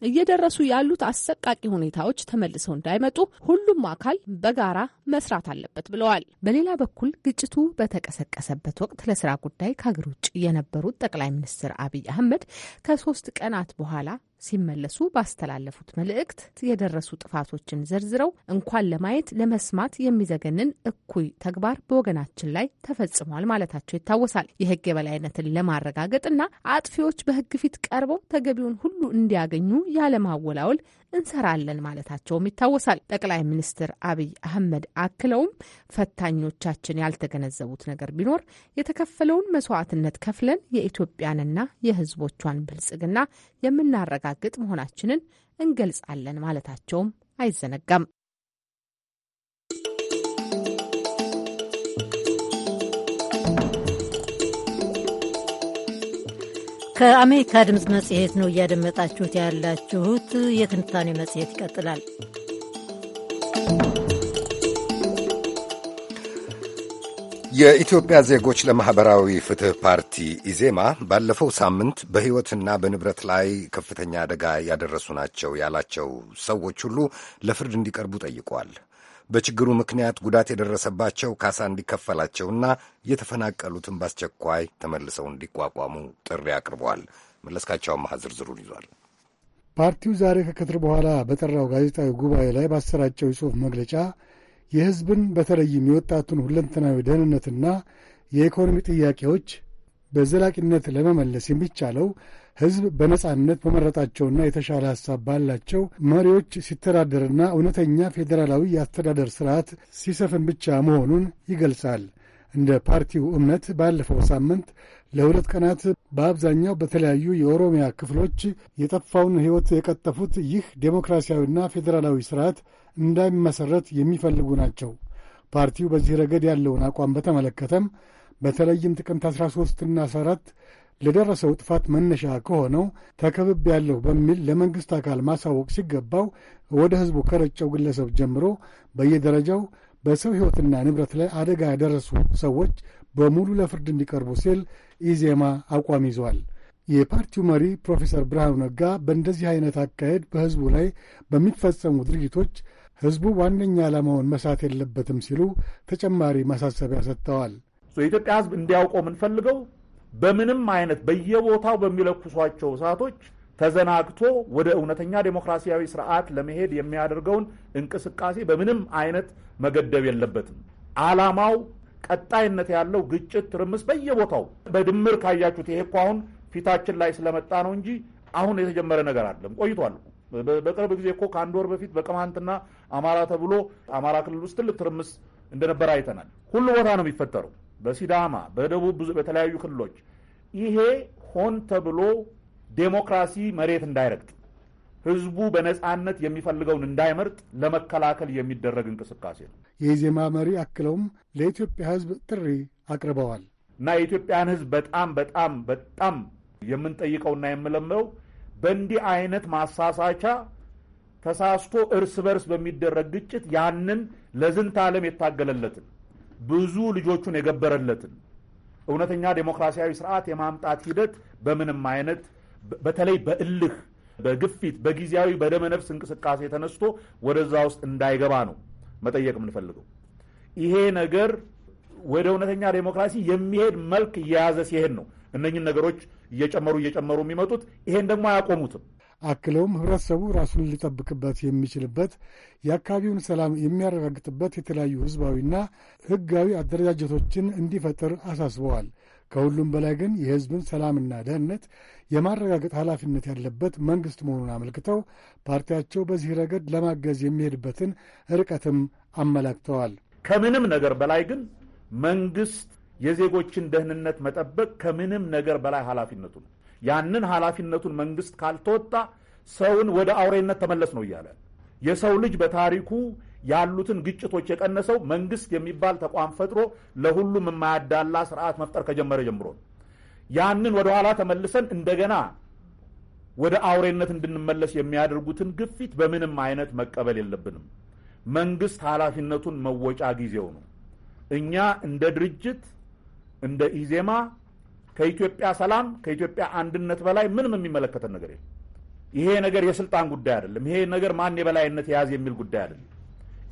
እየደረሱ ያሉት አሰቃቂ ሁኔታዎች ተመልሰው እንዳይመጡ ሁሉም አካል በጋራ መስራት አለበት ብለዋል። በሌላ በኩል ግጭቱ በተቀሰቀሰበት ወቅት ለስራ ጉዳይ ከሀገር ውጭ የነበሩት ጠቅላይ ሚኒስትር አብይ አህመድ ከሶስት ቀናት በኋላ ሲመለሱ ባስተላለፉት መልእክት የደረሱ ጥፋቶችን ዘርዝረው እንኳን ለማየት ለመስማት የሚዘገንን እኩይ ተግባር በወገናችን ላይ ተፈጽሟል ማለታቸው ይታወሳል። የሕግ የበላይነትን ለማረጋገጥና አጥፊዎች በሕግ ፊት ቀርበው ተገቢውን ሁሉ እንዲያገኙ ያለማወላወል እንሰራለን ማለታቸውም ይታወሳል። ጠቅላይ ሚኒስትር አብይ አህመድ አክለውም ፈታኞቻችን ያልተገነዘቡት ነገር ቢኖር የተከፈለውን መስዋዕትነት ከፍለን የኢትዮጵያንና የሕዝቦቿን ብልጽግና የምናረጋግጥ መሆናችንን እንገልጻለን ማለታቸውም አይዘነጋም። ከአሜሪካ ድምፅ መጽሔት ነው እያደመጣችሁት ያላችሁት። የትንታኔ መጽሔት ይቀጥላል። የኢትዮጵያ ዜጎች ለማኅበራዊ ፍትሕ ፓርቲ ኢዜማ ባለፈው ሳምንት በሕይወትና በንብረት ላይ ከፍተኛ አደጋ ያደረሱ ናቸው ያላቸው ሰዎች ሁሉ ለፍርድ እንዲቀርቡ ጠይቋል። በችግሩ ምክንያት ጉዳት የደረሰባቸው ካሳ እንዲከፈላቸውና የተፈናቀሉትን በአስቸኳይ ተመልሰው እንዲቋቋሙ ጥሪ አቅርበዋል። መለስካቸው አማሃ ዝርዝሩን ይዟል። ፓርቲው ዛሬ ከቀትር በኋላ በጠራው ጋዜጣዊ ጉባኤ ላይ ባሰራጨው የጽሑፍ መግለጫ የሕዝብን በተለይም የወጣቱን ሁለንተናዊ ደህንነትና የኢኮኖሚ ጥያቄዎች በዘላቂነት ለመመለስ የሚቻለው ሕዝብ በነጻነት በመረጣቸውና የተሻለ ሐሳብ ባላቸው መሪዎች ሲተዳደርና እውነተኛ ፌዴራላዊ የአስተዳደር ስርዓት ሲሰፍን ብቻ መሆኑን ይገልጻል። እንደ ፓርቲው እምነት ባለፈው ሳምንት ለሁለት ቀናት በአብዛኛው በተለያዩ የኦሮሚያ ክፍሎች የጠፋውን ሕይወት የቀጠፉት ይህ ዴሞክራሲያዊና ፌዴራላዊ ስርዓት እንዳይመሠረት የሚፈልጉ ናቸው። ፓርቲው በዚህ ረገድ ያለውን አቋም በተመለከተም በተለይም ጥቅምት 13ና 14 ለደረሰው ጥፋት መነሻ ከሆነው ተከብብ ያለሁ በሚል ለመንግሥት አካል ማሳወቅ ሲገባው ወደ ሕዝቡ ከረጨው ግለሰብ ጀምሮ በየደረጃው በሰው ሕይወትና ንብረት ላይ አደጋ ያደረሱ ሰዎች በሙሉ ለፍርድ እንዲቀርቡ ሲል ኢዜማ አቋም ይዟል። የፓርቲው መሪ ፕሮፌሰር ብርሃኑ ነጋ በእንደዚህ አይነት አካሄድ በሕዝቡ ላይ በሚፈጸሙ ድርጊቶች ሕዝቡ ዋነኛ ዓላማውን መሳት የለበትም ሲሉ ተጨማሪ ማሳሰቢያ ሰጥተዋል። የኢትዮጵያ ሕዝብ እንዲያውቀው የምንፈልገው በምንም አይነት በየቦታው በሚለኩሷቸው እሳቶች ተዘናግቶ ወደ እውነተኛ ዴሞክራሲያዊ ስርዓት ለመሄድ የሚያደርገውን እንቅስቃሴ በምንም አይነት መገደብ የለበትም። አላማው ቀጣይነት ያለው ግጭት፣ ትርምስ በየቦታው በድምር ካያችሁት ይሄ እኮ አሁን ፊታችን ላይ ስለመጣ ነው እንጂ አሁን የተጀመረ ነገር አለም ቆይቷል። በቅርብ ጊዜ እኮ ከአንድ ወር በፊት በቅማንትና አማራ ተብሎ አማራ ክልል ውስጥ ትልቅ ትርምስ እንደነበረ አይተናል። ሁሉ ቦታ ነው የሚፈጠረው። በሲዳማ በደቡብ በተለያዩ ክልሎች ይሄ ሆን ተብሎ ዴሞክራሲ መሬት እንዳይረግጥ ህዝቡ በነጻነት የሚፈልገውን እንዳይመርጥ ለመከላከል የሚደረግ እንቅስቃሴ ነው። የኢዜማ መሪ አክለውም ለኢትዮጵያ ህዝብ ጥሪ አቅርበዋል እና የኢትዮጵያን ህዝብ በጣም በጣም በጣም የምንጠይቀውና የምለምለው በእንዲህ አይነት ማሳሳቻ ተሳስቶ እርስ በርስ በሚደረግ ግጭት ያንን ለዝንተ ዓለም የታገለለትን ብዙ ልጆቹን የገበረለትን እውነተኛ ዴሞክራሲያዊ ስርዓት የማምጣት ሂደት በምንም አይነት በተለይ በእልህ፣ በግፊት፣ በጊዜያዊ በደመነፍስ እንቅስቃሴ ተነስቶ ወደዛ ውስጥ እንዳይገባ ነው መጠየቅ የምንፈልገው። ይሄ ነገር ወደ እውነተኛ ዴሞክራሲ የሚሄድ መልክ እየያዘ ሲሄድ ነው እነኝን ነገሮች እየጨመሩ እየጨመሩ የሚመጡት። ይሄን ደግሞ አያቆሙትም። አክለውም ህብረተሰቡ ራሱን ሊጠብቅበት የሚችልበት የአካባቢውን ሰላም የሚያረጋግጥበት የተለያዩ ህዝባዊና ህጋዊ አደረጃጀቶችን እንዲፈጥር አሳስበዋል። ከሁሉም በላይ ግን የህዝብን ሰላምና ደህንነት የማረጋገጥ ኃላፊነት ያለበት መንግሥት መሆኑን አመልክተው ፓርቲያቸው በዚህ ረገድ ለማገዝ የሚሄድበትን ርቀትም አመላክተዋል። ከምንም ነገር በላይ ግን መንግሥት የዜጎችን ደህንነት መጠበቅ ከምንም ነገር በላይ ኃላፊነቱ ነው። ያንን ኃላፊነቱን መንግስት ካልተወጣ ሰውን ወደ አውሬነት ተመለስ ነው እያለ የሰው ልጅ በታሪኩ ያሉትን ግጭቶች የቀነሰው መንግስት የሚባል ተቋም ፈጥሮ ለሁሉም የማያዳላ ስርዓት መፍጠር ከጀመረ ጀምሮ ነው። ያንን ወደኋላ ተመልሰን እንደገና ወደ አውሬነት እንድንመለስ የሚያደርጉትን ግፊት በምንም አይነት መቀበል የለብንም። መንግስት ኃላፊነቱን መወጫ ጊዜው ነው። እኛ እንደ ድርጅት እንደ ኢዜማ ከኢትዮጵያ ሰላም ከኢትዮጵያ አንድነት በላይ ምንም የሚመለከተን ነገር የለም። ይሄ ነገር የስልጣን ጉዳይ አይደለም። ይሄ ነገር ማን የበላይነት የያዝ የሚል ጉዳይ አይደለም።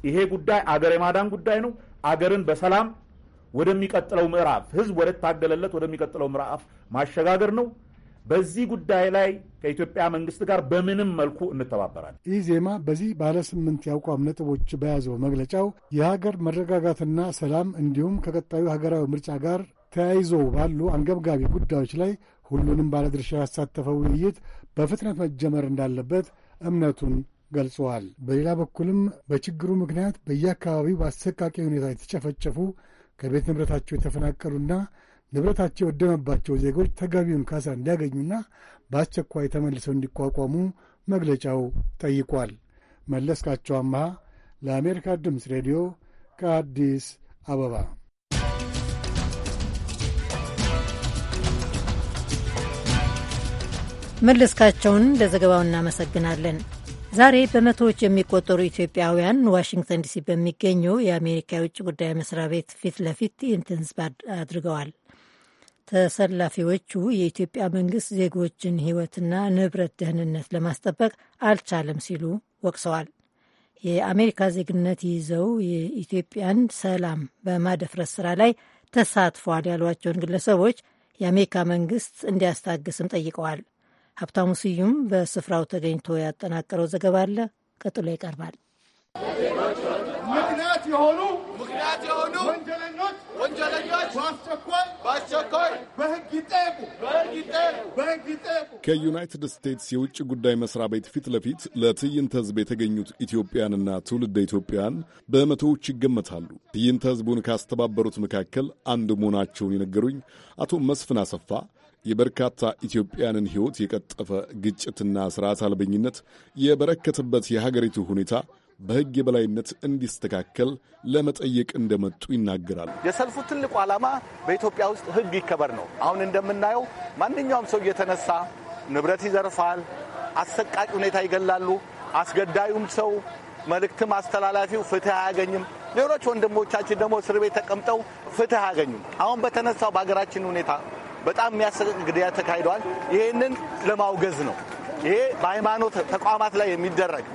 ይሄ ጉዳይ አገር የማዳን ጉዳይ ነው። አገርን በሰላም ወደሚቀጥለው ምዕራፍ ህዝብ ወደ ወደሚቀጥለው ምዕራፍ ማሸጋገር ነው። በዚህ ጉዳይ ላይ ከኢትዮጵያ መንግስት ጋር በምንም መልኩ እንተባበራለን። ኢዜማ በዚህ ባለ ስምንት የአቋም ነጥቦች በያዘው መግለጫው የሀገር መረጋጋትና ሰላም እንዲሁም ከቀጣዩ ሀገራዊ ምርጫ ጋር ተያይዘው ባሉ አንገብጋቢ ጉዳዮች ላይ ሁሉንም ባለድርሻ ያሳተፈው ውይይት በፍጥነት መጀመር እንዳለበት እምነቱን ገልጸዋል። በሌላ በኩልም በችግሩ ምክንያት በየአካባቢው በአሰቃቂ ሁኔታ የተጨፈጨፉ ከቤት ንብረታቸው የተፈናቀሉና ንብረታቸው የወደመባቸው ዜጎች ተገቢውን ካሳ እንዲያገኙና በአስቸኳይ ተመልሰው እንዲቋቋሙ መግለጫው ጠይቋል። መለስካቸው አምሃ ለአሜሪካ ድምፅ ሬዲዮ ከአዲስ አበባ መለስካቸውን ለዘገባው እናመሰግናለን። ዛሬ በመቶዎች የሚቆጠሩ ኢትዮጵያውያን ዋሽንግተን ዲሲ በሚገኘው የአሜሪካ የውጭ ጉዳይ መስሪያ ቤት ፊት ለፊት ትዕይንት አድርገዋል። ተሰላፊዎቹ የኢትዮጵያ መንግስት ዜጎችን ህይወትና ንብረት ደህንነት ለማስጠበቅ አልቻለም ሲሉ ወቅሰዋል። የአሜሪካ ዜግነት ይዘው የኢትዮጵያን ሰላም በማደፍረስ ስራ ላይ ተሳትፈዋል ያሏቸውን ግለሰቦች የአሜሪካ መንግስት እንዲያስታግስም ጠይቀዋል። ሀብታሙ ስዩም በስፍራው ተገኝቶ ያጠናቀረው ዘገባ አለ፣ ቀጥሎ ይቀርባል። ምክንያት የሆኑ ምክንያት የሆኑ ወንጀለኞች ወንጀለኞች በአስቸኳይ በአስቸኳይ በህግ ይጠየቁ በህግ ይጠየቁ በህግ ይጠየቁ። ከዩናይትድ ስቴትስ የውጭ ጉዳይ መስሪያ ቤት ፊት ለፊት ለትዕይንተ ህዝብ የተገኙት ኢትዮጵያንና ትውልደ ኢትዮጵያን በመቶዎች ይገመታሉ። ትዕይንተ ህዝቡን ካስተባበሩት መካከል አንድ መሆናቸውን የነገሩኝ አቶ መስፍን አሰፋ የበርካታ ኢትዮጵያንን ሕይወት የቀጠፈ ግጭትና ሥርዓት አልበኝነት የበረከተበት የሀገሪቱ ሁኔታ በሕግ የበላይነት እንዲስተካከል ለመጠየቅ እንደመጡ ይናገራል። የሰልፉ ትልቁ ዓላማ በኢትዮጵያ ውስጥ ሕግ ይከበር ነው። አሁን እንደምናየው ማንኛውም ሰው እየተነሳ ንብረት ይዘርፋል፣ አሰቃቂ ሁኔታ ይገላሉ። አስገዳዩም ሰው መልእክትም አስተላላፊው ፍትህ አያገኝም። ሌሎች ወንድሞቻችን ደግሞ እስር ቤት ተቀምጠው ፍትህ አያገኙም። አሁን በተነሳው በሀገራችን ሁኔታ በጣም የሚያሰቅቅ ግድያ ተካሂደዋል። ይህንን ለማውገዝ ነው። ይሄ በሃይማኖት ተቋማት ላይ የሚደረግ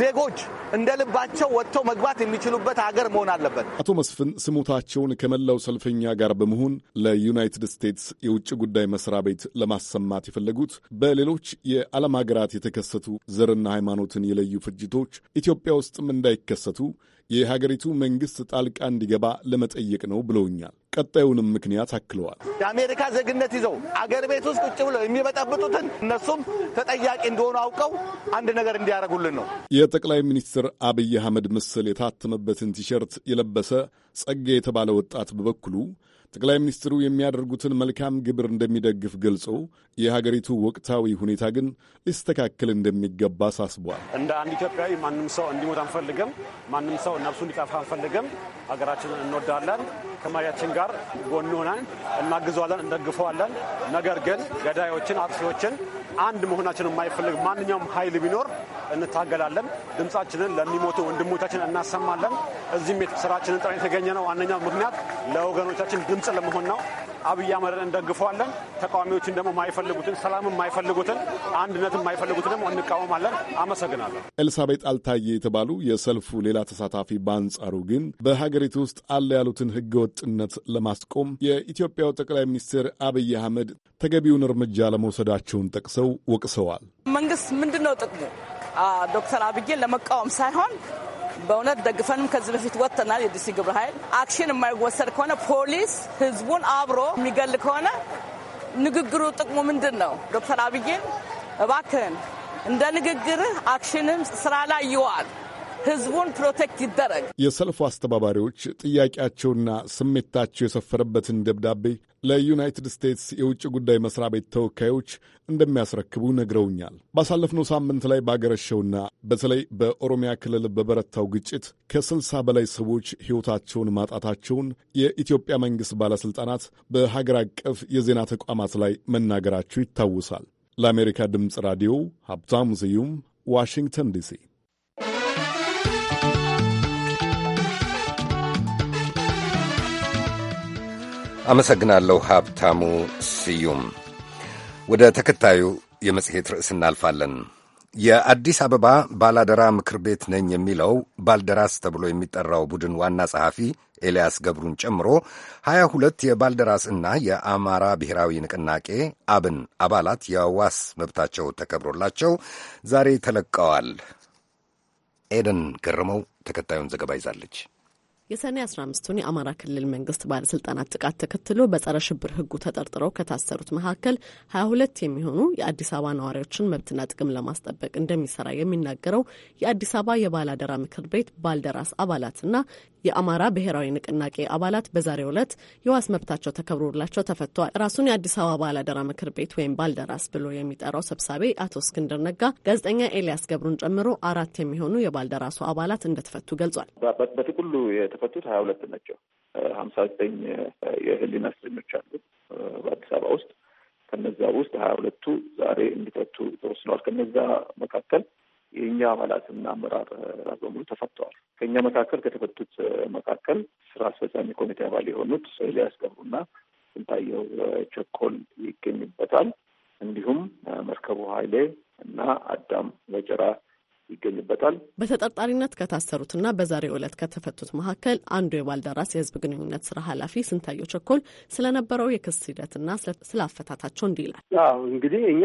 ዜጎች እንደ ልባቸው ወጥተው መግባት የሚችሉበት ሀገር መሆን አለበት። አቶ መስፍን ስሞታቸውን ከመላው ሰልፈኛ ጋር በመሆን ለዩናይትድ ስቴትስ የውጭ ጉዳይ መስሪያ ቤት ለማሰማት የፈለጉት በሌሎች የዓለም ሀገራት የተከሰቱ ዘርና ሃይማኖትን የለዩ ፍጅቶች ኢትዮጵያ ውስጥም እንዳይከሰቱ የሀገሪቱ መንግስት ጣልቃ እንዲገባ ለመጠየቅ ነው ብለውኛል። ቀጣዩንም ምክንያት አክለዋል። የአሜሪካ ዜግነት ይዘው አገር ቤት ውስጥ ቁጭ ብለው የሚበጠብጡትን እነሱም ተጠያቂ እንደሆኑ አውቀው አንድ ነገር እንዲያደርጉልን ነው። የጠቅላይ ሚኒስትር አብይ አህመድ ምስል የታተመበትን ቲሸርት የለበሰ ጸጋ የተባለ ወጣት በበኩሉ ጠቅላይ ሚኒስትሩ የሚያደርጉትን መልካም ግብር እንደሚደግፍ ገልጾ የሀገሪቱ ወቅታዊ ሁኔታ ግን ሊስተካከል እንደሚገባ አሳስቧል። እንደ አንድ ኢትዮጵያዊ ማንም ሰው እንዲሞት አንፈልግም። ማንም ሰው ነፍሱ እንዲጠፋ አንፈልግም። ሀገራችንን እንወዳለን። ከመሪያችን ጋር ጎን ሆነን እናግዘዋለን፣ እንደግፈዋለን። ነገር ግን ገዳዮችን፣ አጥፊዎችን አንድ መሆናችን የማይፈልግ ማንኛውም ኃይል ቢኖር እንታገላለን። ድምፃችንን ለሚሞቱ ወንድሞቻችን እናሰማለን። እዚህም ስራችንን ጥራ የተገኘ ነው። ዋነኛው ምክንያት ለወገኖቻችን ድምፅ ለመሆን ነው። አብይ አህመድን እንደግፈዋለን። ተቃዋሚዎችን ደግሞ የማይፈልጉትን ሰላምን የማይፈልጉትን አንድነትን ደግሞ እንቃወማለን። አመሰግናለሁ። ኤልሳቤጥ አልታየ የተባሉ የሰልፉ ሌላ ተሳታፊ በአንጻሩ ግን በሀገሪቱ ውስጥ አለ ያሉትን ህገወጥነት ለማስቆም የኢትዮጵያው ጠቅላይ ሚኒስትር አብይ አህመድ ተገቢውን እርምጃ ለመውሰዳቸውን ጠቅሰው ወቅሰዋል። መንግስት ምንድን ነው ጥቅሙ? ዶክተር አብይን ለመቃወም ሳይሆን በእውነት ደግፈንም ከዚህ በፊት ወጥተናል። የዲሲ ግብረ ኃይል አክሽን የማይወሰድ ከሆነ ፖሊስ ህዝቡን አብሮ የሚገል ከሆነ ንግግሩ ጥቅሙ ምንድን ነው? ዶክተር አብይን እባክህን እንደ ንግግርህ አክሽንም ስራ ላይ ይዋል ህዝቡን ፕሮቴክት ይደረግ። የሰልፉ አስተባባሪዎች ጥያቄያቸውና ስሜታቸው የሰፈረበትን ደብዳቤ ለዩናይትድ ስቴትስ የውጭ ጉዳይ መስሪያ ቤት ተወካዮች እንደሚያስረክቡ ነግረውኛል። ባሳለፍነው ሳምንት ላይ ባገረሸውና በተለይ በኦሮሚያ ክልል በበረታው ግጭት ከስልሳ በላይ ሰዎች ሕይወታቸውን ማጣታቸውን የኢትዮጵያ መንግሥት ባለሥልጣናት በሀገር አቀፍ የዜና ተቋማት ላይ መናገራቸው ይታወሳል። ለአሜሪካ ድምፅ ራዲዮ ሀብታሙ ስዩም ዋሽንግተን ዲሲ አመሰግናለሁ ሀብታሙ ስዩም። ወደ ተከታዩ የመጽሔት ርዕስ እናልፋለን። የአዲስ አበባ ባላደራ ምክር ቤት ነኝ የሚለው ባልደራስ ተብሎ የሚጠራው ቡድን ዋና ጸሐፊ ኤልያስ ገብሩን ጨምሮ ሀያ ሁለት የባልደራስ እና የአማራ ብሔራዊ ንቅናቄ አብን አባላት የዋስ መብታቸው ተከብሮላቸው ዛሬ ተለቀዋል። ኤደን ገረመው ተከታዩን ዘገባ ይዛለች። የሰኔ 15ቱን የአማራ ክልል መንግስት ባለስልጣናት ጥቃት ተከትሎ በጸረ ሽብር ህጉ ተጠርጥረው ከታሰሩት መካከል 22 የሚሆኑ የአዲስ አበባ ነዋሪዎችን መብትና ጥቅም ለማስጠበቅ እንደሚሰራ የሚናገረው የአዲስ አበባ የባላደራ ምክር ቤት ባልደራስ አባላትና የአማራ ብሔራዊ ንቅናቄ አባላት በዛሬው ዕለት የዋስ መብታቸው ተከብሮላቸው ተፈቷል። ራሱን የአዲስ አበባ ባላደራ ምክር ቤት ወይም ባልደራስ ብሎ የሚጠራው ሰብሳቢ አቶ እስክንድር ነጋ ጋዜጠኛ ኤልያስ ገብሩን ጨምሮ አራት የሚሆኑ የባልደራሱ አባላት እንደተፈቱ ገልጿል። በጥቅሉ የተፈቱት ሀያ ሁለት ናቸው። ሀምሳ ዘጠኝ የህሊና እስረኞች አሉ በአዲስ አበባ ውስጥ። ከነዛ ውስጥ ሀያ ሁለቱ ዛሬ እንዲፈቱ ተወስነዋል። ከነዛ መካከል የእኛ አባላትና አመራር ራስ በሙሉ ተፈተዋል። ከእኛ መካከል ከተፈቱት መካከል ስራ አስፈጻሚ ኮሚቴ አባል የሆኑት ኤልያስ ገብሩና ስንታየው ቸኮል ይገኙበታል። እንዲሁም መርከቡ ኃይሌ እና አዳም ወጀራ ይገኝበታል። በተጠርጣሪነት ከታሰሩትና በዛሬው ዕለት ከተፈቱት መካከል አንዱ የባልደራስ የህዝብ ግንኙነት ስራ ኃላፊ ስንታየው ቸኮል ስለነበረው የክስ ሂደትና ስለአፈታታቸው አፈታታቸው እንዲህ ይላል። አዎ እንግዲህ እኛ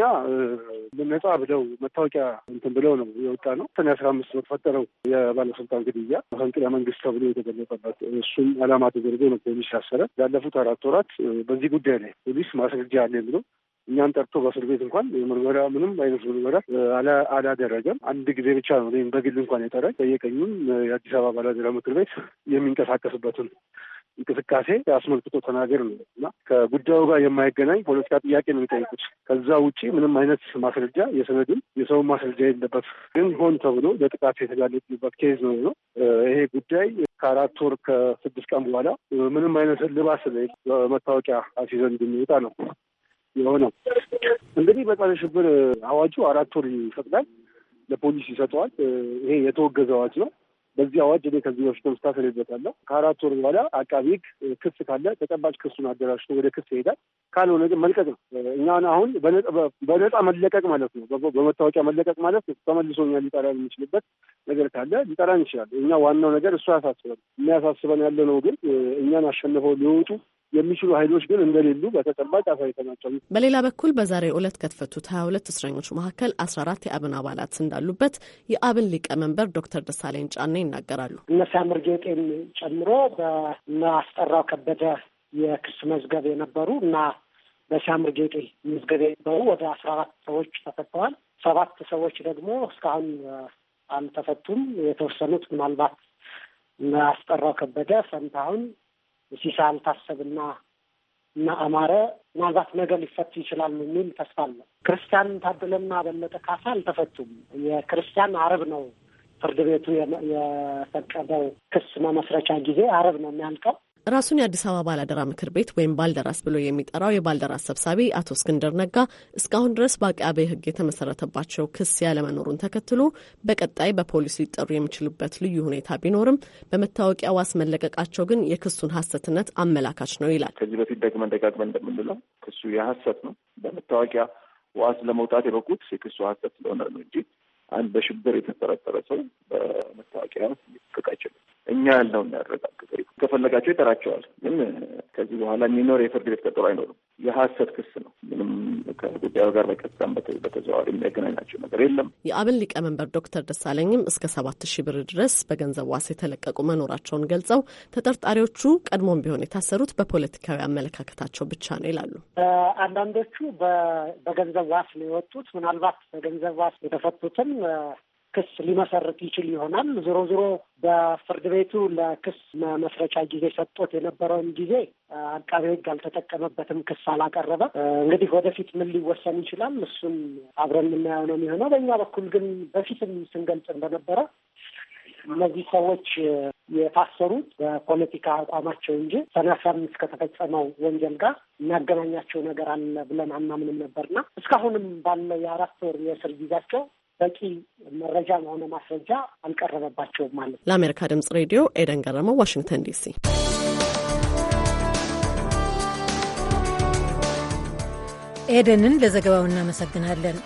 ነጻ ብለው መታወቂያ እንትን ብለው ነው የወጣ ነው። ሰኔ አስራ አምስት በተፈጠረው የባለስልጣን ግድያ መፈንቅለ መንግስት ተብሎ የተገለጠበት እሱም አላማ ተደርጎ ነው ፖሊስ ያሰረ። ያለፉት አራት ወራት በዚህ ጉዳይ ላይ ፖሊስ ማስረጃ አለ ብሎ እኛን ጠርቶ በእስር ቤት እንኳን ምርመራ ምንም አይነት ምርመራ አላደረገም። አንድ ጊዜ ብቻ ነው ወይም በግል እንኳን የጠረኝ ጠየቀኝም። የአዲስ አበባ ባላደራ ምክር ቤት የሚንቀሳቀስበትን እንቅስቃሴ አስመልክቶ ተናገር ነው እና ከጉዳዩ ጋር የማይገናኝ ፖለቲካ ጥያቄ ነው የሚጠይቁት። ከዛ ውጭ ምንም አይነት ማስረጃ የሰነድም የሰውን ማስረጃ የለበት። ግን ሆን ተብሎ ለጥቃት የተጋለጡበት ኬዝ ነው ነው ይሄ ጉዳይ ከአራት ወር ከስድስት ቀን በኋላ ምንም አይነት ልባስ መታወቂያ አስይዘን እንድንወጣ ነው የሆነው። እንግዲህ በጸረ ሽብር አዋጁ አራት ወር ይፈቅዳል፣ ለፖሊስ ይሰጠዋል። ይሄ የተወገዘ አዋጅ ነው። በዚህ አዋጅ እኔ ከዚህ በፊትም ስታሰልበታለሁ። ከአራት ወር በኋላ አቃቢ ሕግ ክስ ካለ ተጨባጭ ክሱን አደራጅቶ ወደ ክስ ይሄዳል። ካልሆነ ግን መልቀቅ ነው። እኛን አሁን በነፃ መለቀቅ ማለት ነው። በመታወቂያ መለቀቅ ማለት ተመልሶ እኛ ሊጠራ የሚችልበት ነገር ካለ ሊጠራን ይችላል። እኛ ዋናው ነገር እሱ ያሳስበን። የሚያሳስበን ያለ ነው ግን እኛን አሸንፈው ሊወጡ የሚችሉ ኃይሎች ግን እንደሌሉ በተጨባጭ አሳይተናቸው። በሌላ በኩል በዛሬ ዕለት ከተፈቱት ሀያ ሁለት እስረኞች መካከል አስራ አራት የአብን አባላት እንዳሉበት የአብን ሊቀመንበር ዶክተር ደሳለኝ ጫኔ ይናገራሉ። እነ ሳምር ጌጤን ጨምሮ በእነ አስጠራው ከበደ የክስ መዝገብ የነበሩ እና በሳምር ጌጤ መዝገብ የነበሩ ወደ አስራ አራት ሰዎች ተፈተዋል። ሰባት ሰዎች ደግሞ እስካሁን አልተፈቱም። የተወሰኑት ምናልባት እነ አስጠራው ከበደ፣ ፈንታሁን ሲሳ አልታሰብና እና አማረ ምናልባት ነገር ሊፈቱ ይችላሉ የሚል ተስፋ አለ። ክርስቲያን ታደለና በለጠ ካሳ አልተፈቱም። የክርስቲያን አረብ ነው ፍርድ ቤቱ የፈቀደው ክስ መመስረቻ ጊዜ አረብ ነው የሚያልቀው። ራሱን የአዲስ አበባ ባላደራ ምክር ቤት ወይም ባልደራስ ብሎ የሚጠራው የባልደራስ ሰብሳቢ አቶ እስክንድር ነጋ እስካሁን ድረስ በአቃቤ ሕግ የተመሰረተባቸው ክስ ያለመኖሩን ተከትሎ በቀጣይ በፖሊስ ሊጠሩ የሚችሉበት ልዩ ሁኔታ ቢኖርም በመታወቂያ ዋስ መለቀቃቸው ግን የክሱን ሀሰትነት አመላካች ነው ይላል። ከዚህ በፊት ደግመን ደጋግመን እንደምንለው ክሱ የሀሰት ነው። በመታወቂያ ዋስ ለመውጣት የበቁት የክሱ ሀሰት ስለሆነ ነው እንጂ አንድ በሽብር የተጠረጠረ ሰው በመታወቂያ ሊለቀቅ አይችልም። እኛ ያልነውን ያረጋግጠ ከፈለጋቸው ይጠራቸዋል። ግን ከዚህ በኋላ የሚኖር የፍርድ ቤት ቀጠሮ አይኖርም። የሀሰት ክስ ነው። ምንም ከጉዳዩ ጋር በቀጥታም በተዘዋዋሪ የሚያገናኛቸው ነገር የለም። የአብን ሊቀመንበር ዶክተር ደሳለኝም እስከ ሰባት ሺህ ብር ድረስ በገንዘብ ዋስ የተለቀቁ መኖራቸውን ገልጸው ተጠርጣሪዎቹ ቀድሞም ቢሆን የታሰሩት በፖለቲካዊ አመለካከታቸው ብቻ ነው ይላሉ። አንዳንዶቹ በገንዘብ ዋስ ነው የወጡት። ምናልባት በገንዘብ ዋስ የተፈቱትም ክስ ሊመሰርት ይችል ይሆናል። ዞሮ ዞሮ በፍርድ ቤቱ ለክስ መመስረቻ ጊዜ ሰጥቶት የነበረውን ጊዜ አቃቤ ሕግ አልተጠቀመበትም፣ ክስ አላቀረበ። እንግዲህ ወደፊት ምን ሊወሰን ይችላል? እሱን አብረን የምናየው ነው የሚሆነው። በእኛ በኩል ግን በፊትም ስንገልጽ እንደነበረ እነዚህ ሰዎች የታሰሩት በፖለቲካ አቋማቸው እንጂ ሰኔ አስራ አምስት ከተፈጸመው ወንጀል ጋር የሚያገናኛቸው ነገር አለ ብለን አናምንም ነበርና እስካሁንም ባለ የአራት ወር የእስር ጊዜያቸው በቂ መረጃ ሆነ ማስረጃ አልቀረበባቸውም ማለት ነው። ለአሜሪካ ድምጽ ሬዲዮ ኤደን ገረመው፣ ዋሽንግተን ዲሲ። ኤደንን ለዘገባው እናመሰግናለን።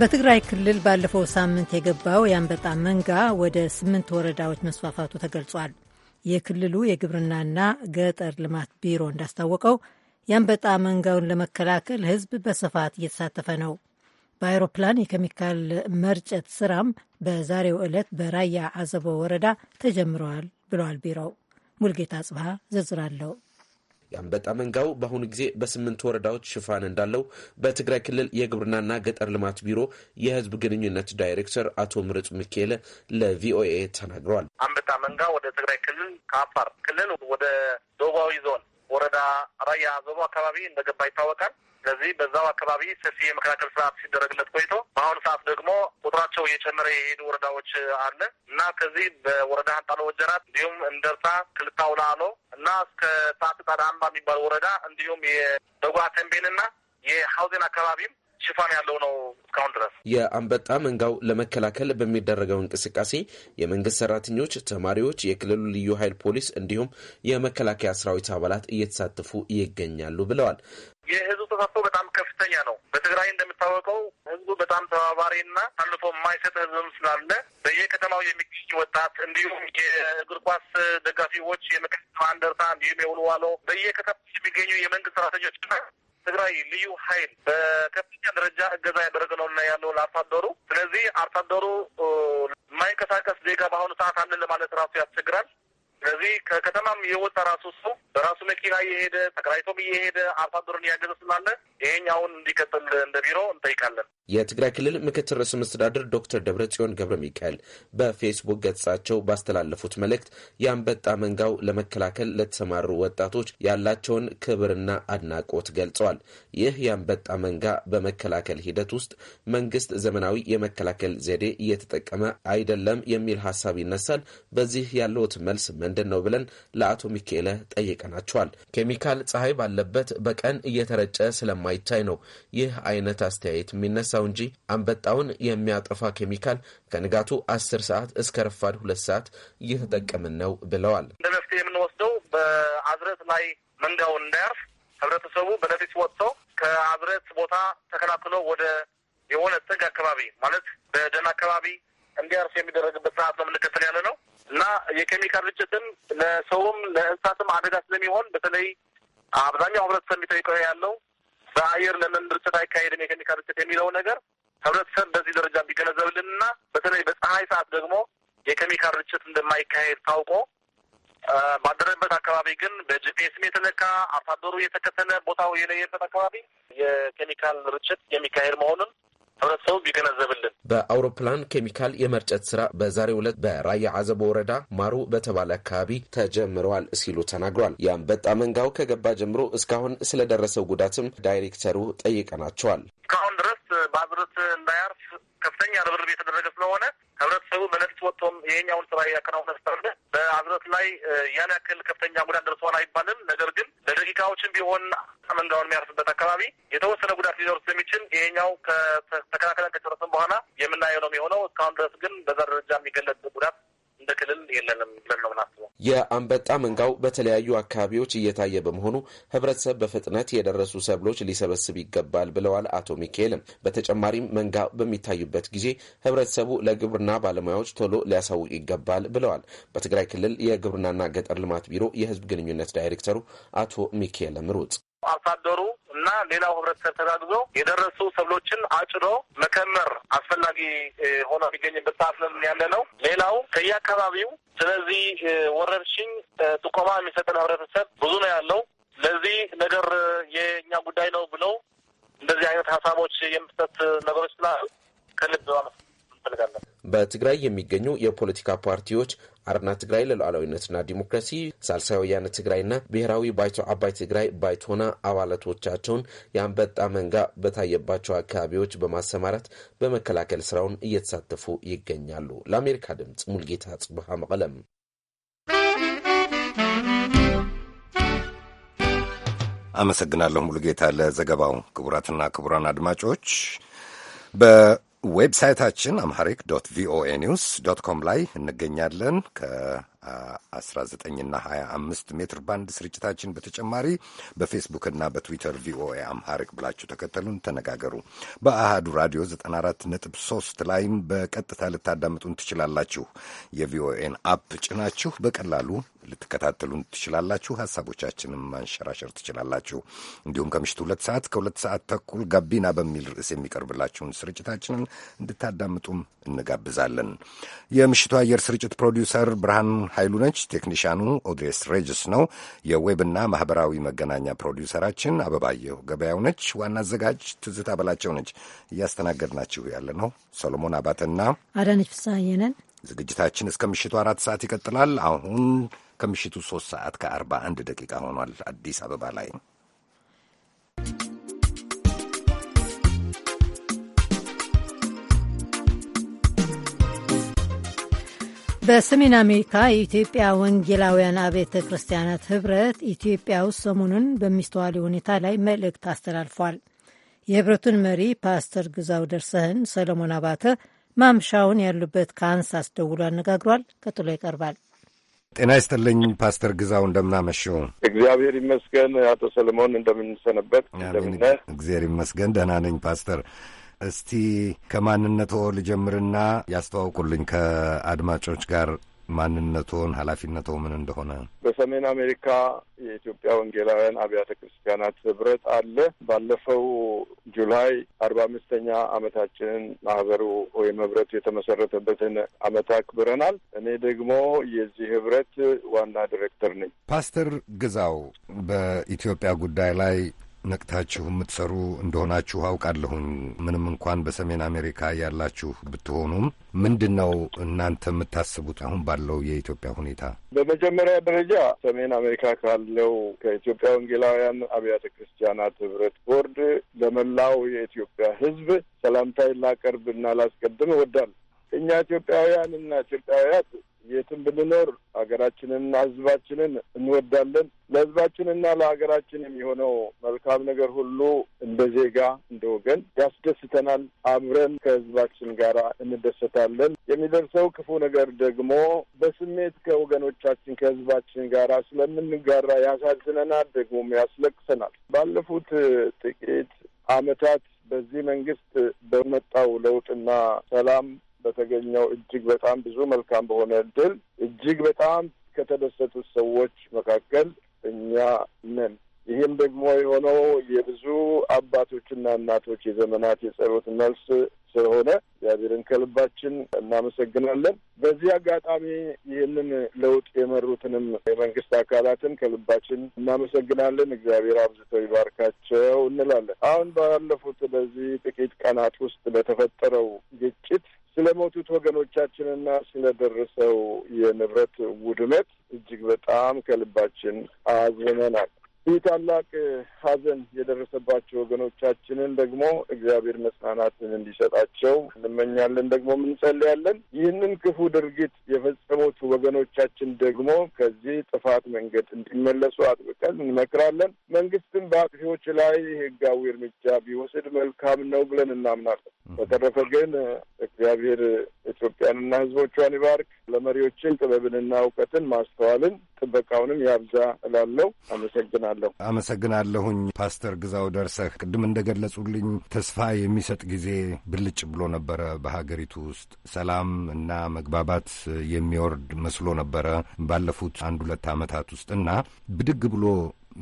በትግራይ ክልል ባለፈው ሳምንት የገባው የአንበጣ መንጋ ወደ ስምንት ወረዳዎች መስፋፋቱ ተገልጿል። የክልሉ የግብርናና ገጠር ልማት ቢሮ እንዳስታወቀው የአንበጣ መንጋውን ለመከላከል ሕዝብ በስፋት እየተሳተፈ ነው። በአይሮፕላን የኬሚካል መርጨት ስራም በዛሬው ዕለት በራያ አዘቦ ወረዳ ተጀምረዋል ብለዋል ቢሮው። ሙልጌታ ጽብሃ ዝርዝራለው። የአንበጣ መንጋው በአሁኑ ጊዜ በስምንት ወረዳዎች ሽፋን እንዳለው በትግራይ ክልል የግብርናና ገጠር ልማት ቢሮ የህዝብ ግንኙነት ዳይሬክተር አቶ ምርጥ ሚካኤል ለቪኦኤ ተናግረዋል። አንበጣ መንጋ ወደ ትግራይ ክልል ከአፋር ክልል ወደ ደቡባዊ ዞን ወረዳ ራያ አዘቦ አካባቢ እንደገባ ይታወቃል። ስለዚህ በዛው አካባቢ ሰፊ የመከላከል ስርዓት ሲደረግለት ቆይቶ በአሁኑ ሰዓት ደግሞ ቁጥራቸው እየጨመረ የሄዱ ወረዳዎች አለ እና ከዚህ በወረዳ አንጣሎ ወጀራት እንዲሁም እንደርታ ክልታውላ አሎ እና እስከ ሰዓት ጣዳ አምባ የሚባል ወረዳ እንዲሁም የደጓ ተንቤንና የሀውዜን አካባቢም ሽፋን ያለው ነው። እስካሁን ድረስ የአንበጣ መንጋው ለመከላከል በሚደረገው እንቅስቃሴ የመንግስት ሰራተኞች፣ ተማሪዎች፣ የክልሉ ልዩ ኃይል ፖሊስ እንዲሁም የመከላከያ ሰራዊት አባላት እየተሳተፉ ይገኛሉ ብለዋል። የህዝቡ ተሳትፎ በጣም ከፍተኛ ነው። በትግራይ እንደሚታወቀው ህዝቡ በጣም ተባባሪና አልፎ የማይሰጥ ህዝብም ስላለ በየከተማው የሚገኝ ወጣት እንዲሁም የእግር ኳስ ደጋፊዎች፣ የመከተማ አንደርታ እንዲሁም የውሉ ዋሎ በየከተማ የሚገኙ የመንግስት ሰራተኞችና ትግራይ ልዩ ኃይል በከፍተኛ ደረጃ እገዛ ያደረገ ነውና ያለው ለአርሶ ስለዚህ አርሶ የማይንቀሳቀስ ዜጋ በአሁኑ ሰዓት አለን ለማለት ራሱ ያስቸግራል። ስለዚህ ከከተማም የወጣ ራሱ ሰው በራሱ መኪና እየሄደ ተከራይቶም እየሄደ አርሶ አደሩን እያገዘ ስላለ ይሄኛውን እንዲቀጥል እንደ ቢሮ እንጠይቃለን። የትግራይ ክልል ምክትል ርዕሰ መስተዳድር ዶክተር ደብረጽዮን ገብረ ሚካኤል በፌስቡክ ገጻቸው ባስተላለፉት መልእክት የአንበጣ መንጋው ለመከላከል ለተሰማሩ ወጣቶች ያላቸውን ክብርና አድናቆት ገልጸዋል። ይህ የአንበጣ መንጋ በመከላከል ሂደት ውስጥ መንግስት ዘመናዊ የመከላከል ዘዴ እየተጠቀመ አይደለም የሚል ሀሳብ ይነሳል። በዚህ ያለውት መልስ ምን ምንድን ነው ብለን ለአቶ ሚካኤለ ጠይቀናቸዋል። ኬሚካል ፀሐይ ባለበት በቀን እየተረጨ ስለማይቻይ ነው ይህ አይነት አስተያየት የሚነሳው እንጂ አንበጣውን የሚያጠፋ ኬሚካል ከንጋቱ አስር ሰዓት እስከ ረፋድ ሁለት ሰዓት እየተጠቀምን ነው ብለዋል። እንደ መፍትሄ የምንወስደው በአዝረት ላይ መንጋው እንዳያርፍ ህብረተሰቡ በሌሊት ወጥተው ከአዝረት ቦታ ተከላክሎ ወደ የሆነ ጥግ አካባቢ ማለት በደን አካባቢ እንዲያርፍ የሚደረግበት ሰዓት ነው የምንከተል ያለ ነው። እና የኬሚካል ርጭትም ለሰውም ለእንስሳትም አደጋ ስለሚሆን በተለይ አብዛኛው ህብረተሰብ የሚጠይቀው ያለው በአየር ለምን ርጭት አይካሄድም የኬሚካል ርጭት የሚለው ነገር ህብረተሰብ በዚህ ደረጃ ና በተለይ በፀሐይ ሰዓት ደግሞ የኬሚካል ርጭት እንደማይካሄድ ታውቆ ባደረበት አካባቢ ግን በጂፒኤስም የተለካ አርሶ አደሩ የተከተለ ቦታው የለየበት አካባቢ የኬሚካል ርጭት የሚካሄድ መሆኑን ህብረተሰቡ ቢገነዘብልን። በአውሮፕላን ኬሚካል የመርጨት ስራ በዛሬ ዕለት በራያ አዘቦ ወረዳ ማሩ በተባለ አካባቢ ተጀምረዋል ሲሉ ተናግሯል። የአንበጣ መንጋው ከገባ ጀምሮ እስካሁን ስለደረሰው ጉዳትም ዳይሬክተሩ ጠይቀናቸዋል። እስካሁን ድረስ በአዝርት እንዳያርፍ ከፍተኛ ርብርብ የተደረገ ስለሆነ ህብረተሰቡ በሌሊት ወጥቶም ይሄኛውን ስራ ያከናውነ ስታለ በአዝረት ላይ ያን ያክል ከፍተኛ ጉዳት ደርሷል አይባልም። ነገር ግን ለደቂቃዎችን ቢሆን መንጋውን የሚያርስበት አካባቢ የተወሰነ ጉዳት ሊደርስ የሚችል ይሄኛው ከተከላከለን ከጨረስን በኋላ የምናየው ነው የሚሆነው። እስካሁን ድረስ ግን በዛ ደረጃ የሚገለጽ ጉዳት እንደ ክልል የለንም ብለን ነው ምናስበው። የአንበጣ መንጋው በተለያዩ አካባቢዎች እየታየ በመሆኑ ህብረተሰብ በፍጥነት የደረሱ ሰብሎች ሊሰበስብ ይገባል ብለዋል አቶ ሚካኤልም። በተጨማሪም መንጋ በሚታዩበት ጊዜ ህብረተሰቡ ለግብርና ባለሙያዎች ቶሎ ሊያሳውቅ ይገባል ብለዋል። በትግራይ ክልል የግብርናና ገጠር ልማት ቢሮ የህዝብ ግንኙነት ዳይሬክተሩ አቶ ሚካኤል ምሩጽ አርሶ አደሩ እና ሌላው ህብረተሰብ ተጋግዞ የደረሱ ሰብሎችን አጭዶ መከመር አስፈላጊ ሆኖ የሚገኝበት ሰዓት ያለ ነው። ሌላው ከየአካባቢው ስለዚህ ወረርሽኝ ጥቆማ የሚሰጠን ህብረተሰብ ብዙ ነው ያለው። ለዚህ ነገር የእኛ ጉዳይ ነው ብለው እንደዚህ አይነት ሀሳቦች የምሰጥ ነገሮች ስላሉ ከልብ እንፈልጋለን። በትግራይ የሚገኙ የፖለቲካ ፓርቲዎች አረና ትግራይ ለሉዓላዊነትና ዲሞክራሲ፣ ሳልሳይ ወያነ ትግራይና ብሔራዊ ባይቶ አባይ ትግራይ ባይቶና አባላቶቻቸውን የአንበጣ መንጋ በታየባቸው አካባቢዎች በማሰማራት በመከላከል ስራውን እየተሳተፉ ይገኛሉ። ለአሜሪካ ድምፅ ሙልጌታ ጽብሃ መቀለም። አመሰግናለሁ ሙሉጌታ ለዘገባው። ክቡራትና ክቡራን አድማጮች በ ዌብሳይታችን አምሐሪክ ዶት ቪኦኤ ኒውስ ዶት ኮም ላይ እንገኛለን። ከ19ና 25 ሜትር ባንድ ስርጭታችን በተጨማሪ በፌስቡክና በትዊተር ቪኦኤ አምሐሪክ ብላችሁ ተከተሉን፣ ተነጋገሩ። በአሃዱ ራዲዮ 94.3 ላይም በቀጥታ ልታዳምጡን ትችላላችሁ። የቪኦኤን አፕ ጭናችሁ በቀላሉ ልትከታተሉን ትችላላችሁ። ሀሳቦቻችንም ማንሸራሸር ትችላላችሁ። እንዲሁም ከምሽቱ ሁለት ሰዓት ከሁለት ሰዓት ተኩል ጋቢና በሚል ርዕስ የሚቀርብላችሁን ስርጭታችንን እንድታዳምጡም እንጋብዛለን። የምሽቱ አየር ስርጭት ፕሮዲውሰር ብርሃን ኃይሉ ነች። ቴክኒሻኑ ኦድሬስ ሬጅስ ነው። የዌብና ማህበራዊ መገናኛ ፕሮዲውሰራችን አበባየሁ ገበያው ነች። ዋና አዘጋጅ ትዝታ በላቸው ነች። እያስተናገድናችሁ ያለ ነው ሰሎሞን አባተና አዳነች ፍስሐዬ ነን። ዝግጅታችን እስከ ምሽቱ አራት ሰዓት ይቀጥላል። አሁን ከምሽቱ 3 ሰዓት ከ41 ደቂቃ ሆኗል አዲስ አበባ ላይ። በሰሜን አሜሪካ የኢትዮጵያ ወንጌላውያን አብያተ ክርስቲያናት ህብረት ኢትዮጵያ ውስጥ ሰሞኑን በሚስተዋል ሁኔታ ላይ መልእክት አስተላልፏል። የህብረቱን መሪ ፓስተር ግዛው ደርሰህን ሰለሞን አባተ ማምሻውን ያሉበት ካንሳስ ደውሎ አነጋግሯል። ቀጥሎ ይቀርባል። ጤና ይስጥልኝ ፓስተር ግዛው እንደምናመሽው። እግዚአብሔር ይመስገን። አቶ ሰለሞን እንደምንሰነበት እንደምነ እግዚአብሔር ይመስገን ደህና ነኝ ፓስተር። እስቲ ከማንነቶ ልጀምርና ያስተዋውቁልኝ ከአድማጮች ጋር ማንነቶን ኃላፊነቶ ምን እንደሆነ በሰሜን አሜሪካ የኢትዮጵያ ወንጌላውያን አብያተ ክርስቲያናት ህብረት አለ። ባለፈው ጁላይ አርባ አምስተኛ አመታችንን ማህበሩ ወይም ህብረቱ የተመሰረተበትን አመት አክብረናል። እኔ ደግሞ የዚህ ህብረት ዋና ዲሬክተር ነኝ። ፓስተር ግዛው በኢትዮጵያ ጉዳይ ላይ ነቅታችሁ የምትሰሩ እንደሆናችሁ አውቃለሁኝ። ምንም እንኳን በሰሜን አሜሪካ ያላችሁ ብትሆኑም ምንድን ነው እናንተ የምታስቡት አሁን ባለው የኢትዮጵያ ሁኔታ? በመጀመሪያ ደረጃ ሰሜን አሜሪካ ካለው ከኢትዮጵያ ወንጌላውያን አብያተ ክርስቲያናት ህብረት ቦርድ ለመላው የኢትዮጵያ ህዝብ ሰላምታይ ላቀርብና ላስቀድም እወዳለሁ። እኛ ኢትዮጵያውያን እና ኢትዮጵያውያት የትም ብንኖር ሀገራችንንና ህዝባችንን እንወዳለን። ለህዝባችንና ለሀገራችን የሚሆነው መልካም ነገር ሁሉ እንደ ዜጋ እንደ ወገን ያስደስተናል። አብረን ከህዝባችን ጋር እንደሰታለን። የሚደርሰው ክፉ ነገር ደግሞ በስሜት ከወገኖቻችን ከህዝባችን ጋር ስለምንጋራ ያሳዝነናል፣ ደግሞም ያስለቅሰናል። ባለፉት ጥቂት አመታት በዚህ መንግስት በመጣው ለውጥና ሰላም በተገኘው እጅግ በጣም ብዙ መልካም በሆነ እድል እጅግ በጣም ከተደሰቱት ሰዎች መካከል እኛ ነን። ይህም ደግሞ የሆነው የብዙ አባቶችና እናቶች የዘመናት የጸሎት መልስ ስለሆነ እግዚአብሔርን ከልባችን እናመሰግናለን። በዚህ አጋጣሚ ይህንን ለውጥ የመሩትንም የመንግስት አካላትን ከልባችን እናመሰግናለን። እግዚአብሔር አብዝተው ይባርካቸው እንላለን። አሁን ባለፉት በዚህ ጥቂት ቀናት ውስጥ በተፈጠረው ግጭት ስለሞቱት ወገኖቻችንና ስለደረሰው የንብረት ውድመት እጅግ በጣም ከልባችን አዝነናል። ይህ ታላቅ ሐዘን የደረሰባቸው ወገኖቻችንን ደግሞ እግዚአብሔር መጽናናትን እንዲሰጣቸው እንመኛለን፣ ደግሞ እንጸልያለን። ይህንን ክፉ ድርጊት የፈጸሙት ወገኖቻችን ደግሞ ከዚህ ጥፋት መንገድ እንዲመለሱ አጥብቀን እንመክራለን። መንግስትም በአጥፊዎች ላይ ሕጋዊ እርምጃ ቢወስድ መልካም ነው ብለን እናምናለን። በተረፈ ግን እግዚአብሔር ኢትዮጵያንና ሕዝቦቿን ይባርክ። ለመሪዎችን ጥበብንና እውቀትን ማስተዋልን ጥበቃውንም ያብዛ እላለሁ። አመሰግናለሁ። አመሰግናለሁኝ ፓስተር ግዛው ደርሰህ። ቅድም እንደገለጹልኝ ተስፋ የሚሰጥ ጊዜ ብልጭ ብሎ ነበረ። በሀገሪቱ ውስጥ ሰላም እና መግባባት የሚወርድ መስሎ ነበረ ባለፉት አንድ ሁለት ዓመታት ውስጥ እና ብድግ ብሎ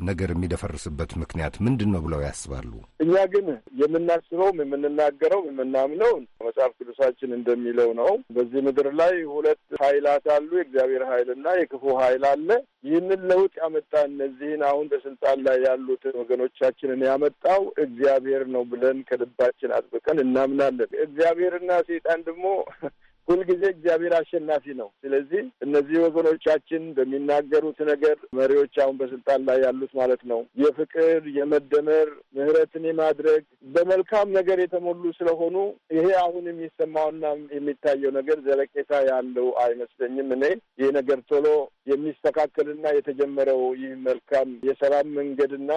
ነገር የሚደፈርስበት ምክንያት ምንድን ነው ብለው ያስባሉ? እኛ ግን የምናስበውም የምንናገረው የምናምነው መጽሐፍ ቅዱሳችን እንደሚለው ነው። በዚህ ምድር ላይ ሁለት ኃይላት አሉ። የእግዚአብሔር ኃይልና የክፉ ኃይል አለ። ይህንን ለውጥ ያመጣ እነዚህን አሁን በስልጣን ላይ ያሉትን ወገኖቻችንን ያመጣው እግዚአብሔር ነው ብለን ከልባችን አጥብቀን እናምናለን። እግዚአብሔርና ሴጣን ደግሞ ሁልጊዜ እግዚአብሔር አሸናፊ ነው። ስለዚህ እነዚህ ወገኖቻችን በሚናገሩት ነገር መሪዎች አሁን በስልጣን ላይ ያሉት ማለት ነው የፍቅር የመደመር ምህረትን የማድረግ በመልካም ነገር የተሞሉ ስለሆኑ ይሄ አሁን የሚሰማውና የሚታየው ነገር ዘለቄታ ያለው አይመስለኝም። እኔ ይህ ነገር ቶሎ የሚስተካከልና የተጀመረው ይህ መልካም የሰላም መንገድና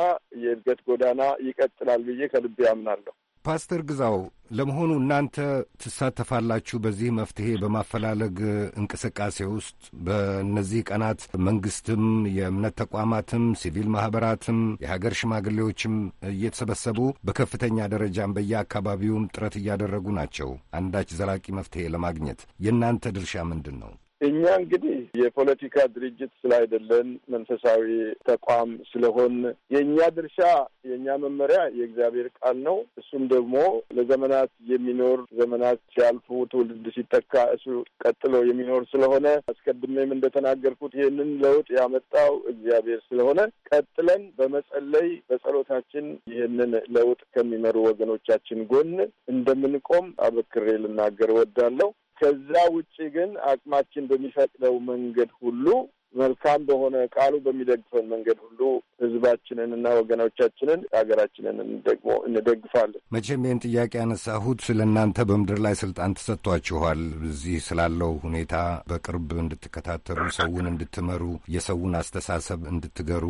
የእድገት ጎዳና ይቀጥላል ብዬ ከልቤ አምናለሁ። ፓስተር ግዛው ለመሆኑ እናንተ ትሳተፋላችሁ በዚህ መፍትሄ በማፈላለግ እንቅስቃሴ ውስጥ? በእነዚህ ቀናት መንግስትም፣ የእምነት ተቋማትም፣ ሲቪል ማህበራትም፣ የሀገር ሽማግሌዎችም እየተሰበሰቡ በከፍተኛ ደረጃም በየአካባቢውም ጥረት እያደረጉ ናቸው አንዳች ዘላቂ መፍትሄ ለማግኘት። የእናንተ ድርሻ ምንድን ነው? እኛ እንግዲህ የፖለቲካ ድርጅት ስላይደለን መንፈሳዊ ተቋም ስለሆን የእኛ ድርሻ የእኛ መመሪያ የእግዚአብሔር ቃል ነው። እሱም ደግሞ ለዘመናት የሚኖር ዘመናት ሲያልፉ ትውልድ ሲተካ እሱ ቀጥሎ የሚኖር ስለሆነ አስቀድሜም እንደተናገርኩት ይህንን ለውጥ ያመጣው እግዚአብሔር ስለሆነ ቀጥለን በመጸለይ በጸሎታችን ይህንን ለውጥ ከሚመሩ ወገኖቻችን ጎን እንደምንቆም አበክሬ ልናገር እወዳለሁ። ከዛ ውጭ ግን አቅማችን በሚፈቅደው መንገድ ሁሉ መልካም በሆነ ቃሉ በሚደግፈን መንገድ ሁሉ ህዝባችንን እና ወገኖቻችንን ሀገራችንን ደግሞ እንደግፋለን። መቼም ይህን ጥያቄ ያነሳሁት ስለ እናንተ በምድር ላይ ስልጣን ተሰጥቷችኋል። እዚህ ስላለው ሁኔታ በቅርብ እንድትከታተሉ፣ ሰውን እንድትመሩ፣ የሰውን አስተሳሰብ እንድትገሩ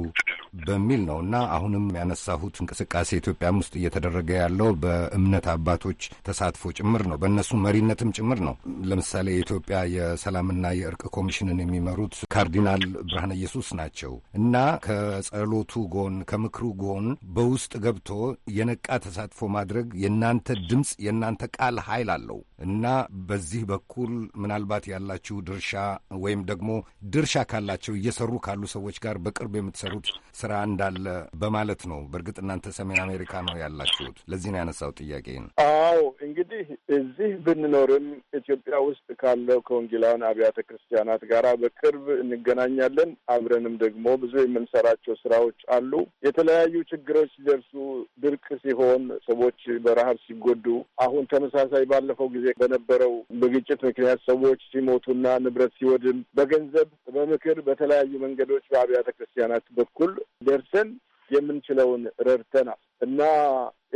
በሚል ነው እና አሁንም ያነሳሁት እንቅስቃሴ ኢትዮጵያም ውስጥ እየተደረገ ያለው በእምነት አባቶች ተሳትፎ ጭምር ነው፣ በእነሱ መሪነትም ጭምር ነው። ለምሳሌ የኢትዮጵያ የሰላምና የእርቅ ኮሚሽንን የሚመሩት ካርዲና ጀነራል ብርሃነ ኢየሱስ ናቸው እና ከጸሎቱ ጎን ከምክሩ ጎን በውስጥ ገብቶ የነቃ ተሳትፎ ማድረግ የእናንተ ድምፅ የእናንተ ቃል ኃይል አለው እና በዚህ በኩል ምናልባት ያላችሁ ድርሻ ወይም ደግሞ ድርሻ ካላቸው እየሰሩ ካሉ ሰዎች ጋር በቅርብ የምትሰሩት ስራ እንዳለ በማለት ነው። በእርግጥ እናንተ ሰሜን አሜሪካ ነው ያላችሁት። ለዚህ ነው ያነሳው ጥያቄን። አዎ እንግዲህ እዚህ ብንኖርም ኢትዮጵያ ውስጥ ካለው ከወንጌላውያን አብያተ ክርስቲያናት ጋር በቅርብ እንገናኝ እንገናኛለን። አብረንም ደግሞ ብዙ የምንሰራቸው ስራዎች አሉ። የተለያዩ ችግሮች ሲደርሱ ድርቅ ሲሆን፣ ሰዎች በረሀብ ሲጎዱ፣ አሁን ተመሳሳይ ባለፈው ጊዜ በነበረው በግጭት ምክንያት ሰዎች ሲሞቱና ንብረት ሲወድም በገንዘብ በምክር በተለያዩ መንገዶች በአብያተ ክርስቲያናት በኩል ደርሰን የምንችለውን ረድተናል እና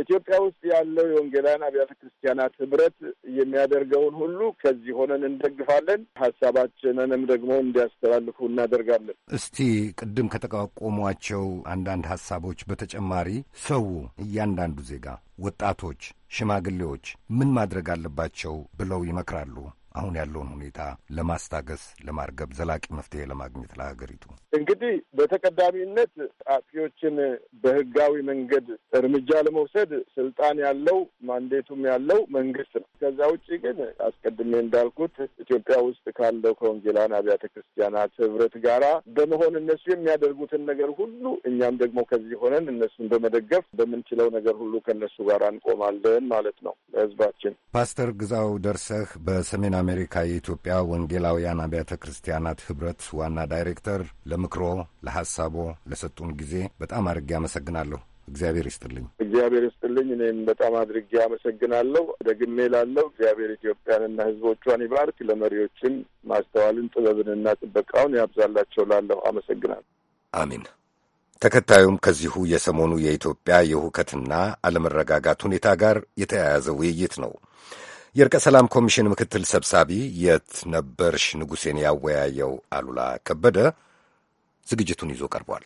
ኢትዮጵያ ውስጥ ያለው የወንጌላውያን አብያተ ክርስቲያናት ህብረት የሚያደርገውን ሁሉ ከዚህ ሆነን እንደግፋለን። ሀሳባችንንም ደግሞ እንዲያስተላልፉ እናደርጋለን። እስቲ ቅድም ከተቋቋሟቸው አንዳንድ ሀሳቦች በተጨማሪ ሰው፣ እያንዳንዱ ዜጋ፣ ወጣቶች፣ ሽማግሌዎች ምን ማድረግ አለባቸው ብለው ይመክራሉ? አሁን ያለውን ሁኔታ ለማስታገስ፣ ለማርገብ፣ ዘላቂ መፍትሄ ለማግኘት ለሀገሪቱ እንግዲህ በተቀዳሚነት አጥፊዎችን በህጋዊ መንገድ እርምጃ ለመውሰድ ስልጣን ያለው ማንዴቱም ያለው መንግስት ነው። ከዛ ውጭ ግን አስቀድሜ እንዳልኩት ኢትዮጵያ ውስጥ ካለው ከወንጌላን አብያተ ክርስቲያናት ህብረት ጋራ በመሆን እነሱ የሚያደርጉትን ነገር ሁሉ እኛም ደግሞ ከዚህ ሆነን እነሱን በመደገፍ በምንችለው ነገር ሁሉ ከእነሱ ጋር እንቆማለን ማለት ነው። ለህዝባችን ፓስተር ግዛው ደርሰህ በሰሜን አሜሪካ የኢትዮጵያ ወንጌላውያን አብያተ ክርስቲያናት ህብረት ዋና ዳይሬክተር፣ ለምክሮ፣ ለሐሳቦ ለሰጡን ጊዜ በጣም አድርጌ አመሰግናለሁ። እግዚአብሔር ይስጥልኝ። እግዚአብሔር ይስጥልኝ። እኔም በጣም አድርጌ አመሰግናለሁ። ደግሜ ላለው እግዚአብሔር ኢትዮጵያንና ህዝቦቿን ይባርክ፣ ለመሪዎችን ማስተዋልን ጥበብንና ጥበቃውን ያብዛላቸው ላለሁ አመሰግናለሁ። አሚን። ተከታዩም ከዚሁ የሰሞኑ የኢትዮጵያ የሁከትና አለመረጋጋት ሁኔታ ጋር የተያያዘ ውይይት ነው። የእርቀ ሰላም ኮሚሽን ምክትል ሰብሳቢ የት ነበርሽ ንጉሴን ያወያየው አሉላ ከበደ ዝግጅቱን ይዞ ቀርቧል።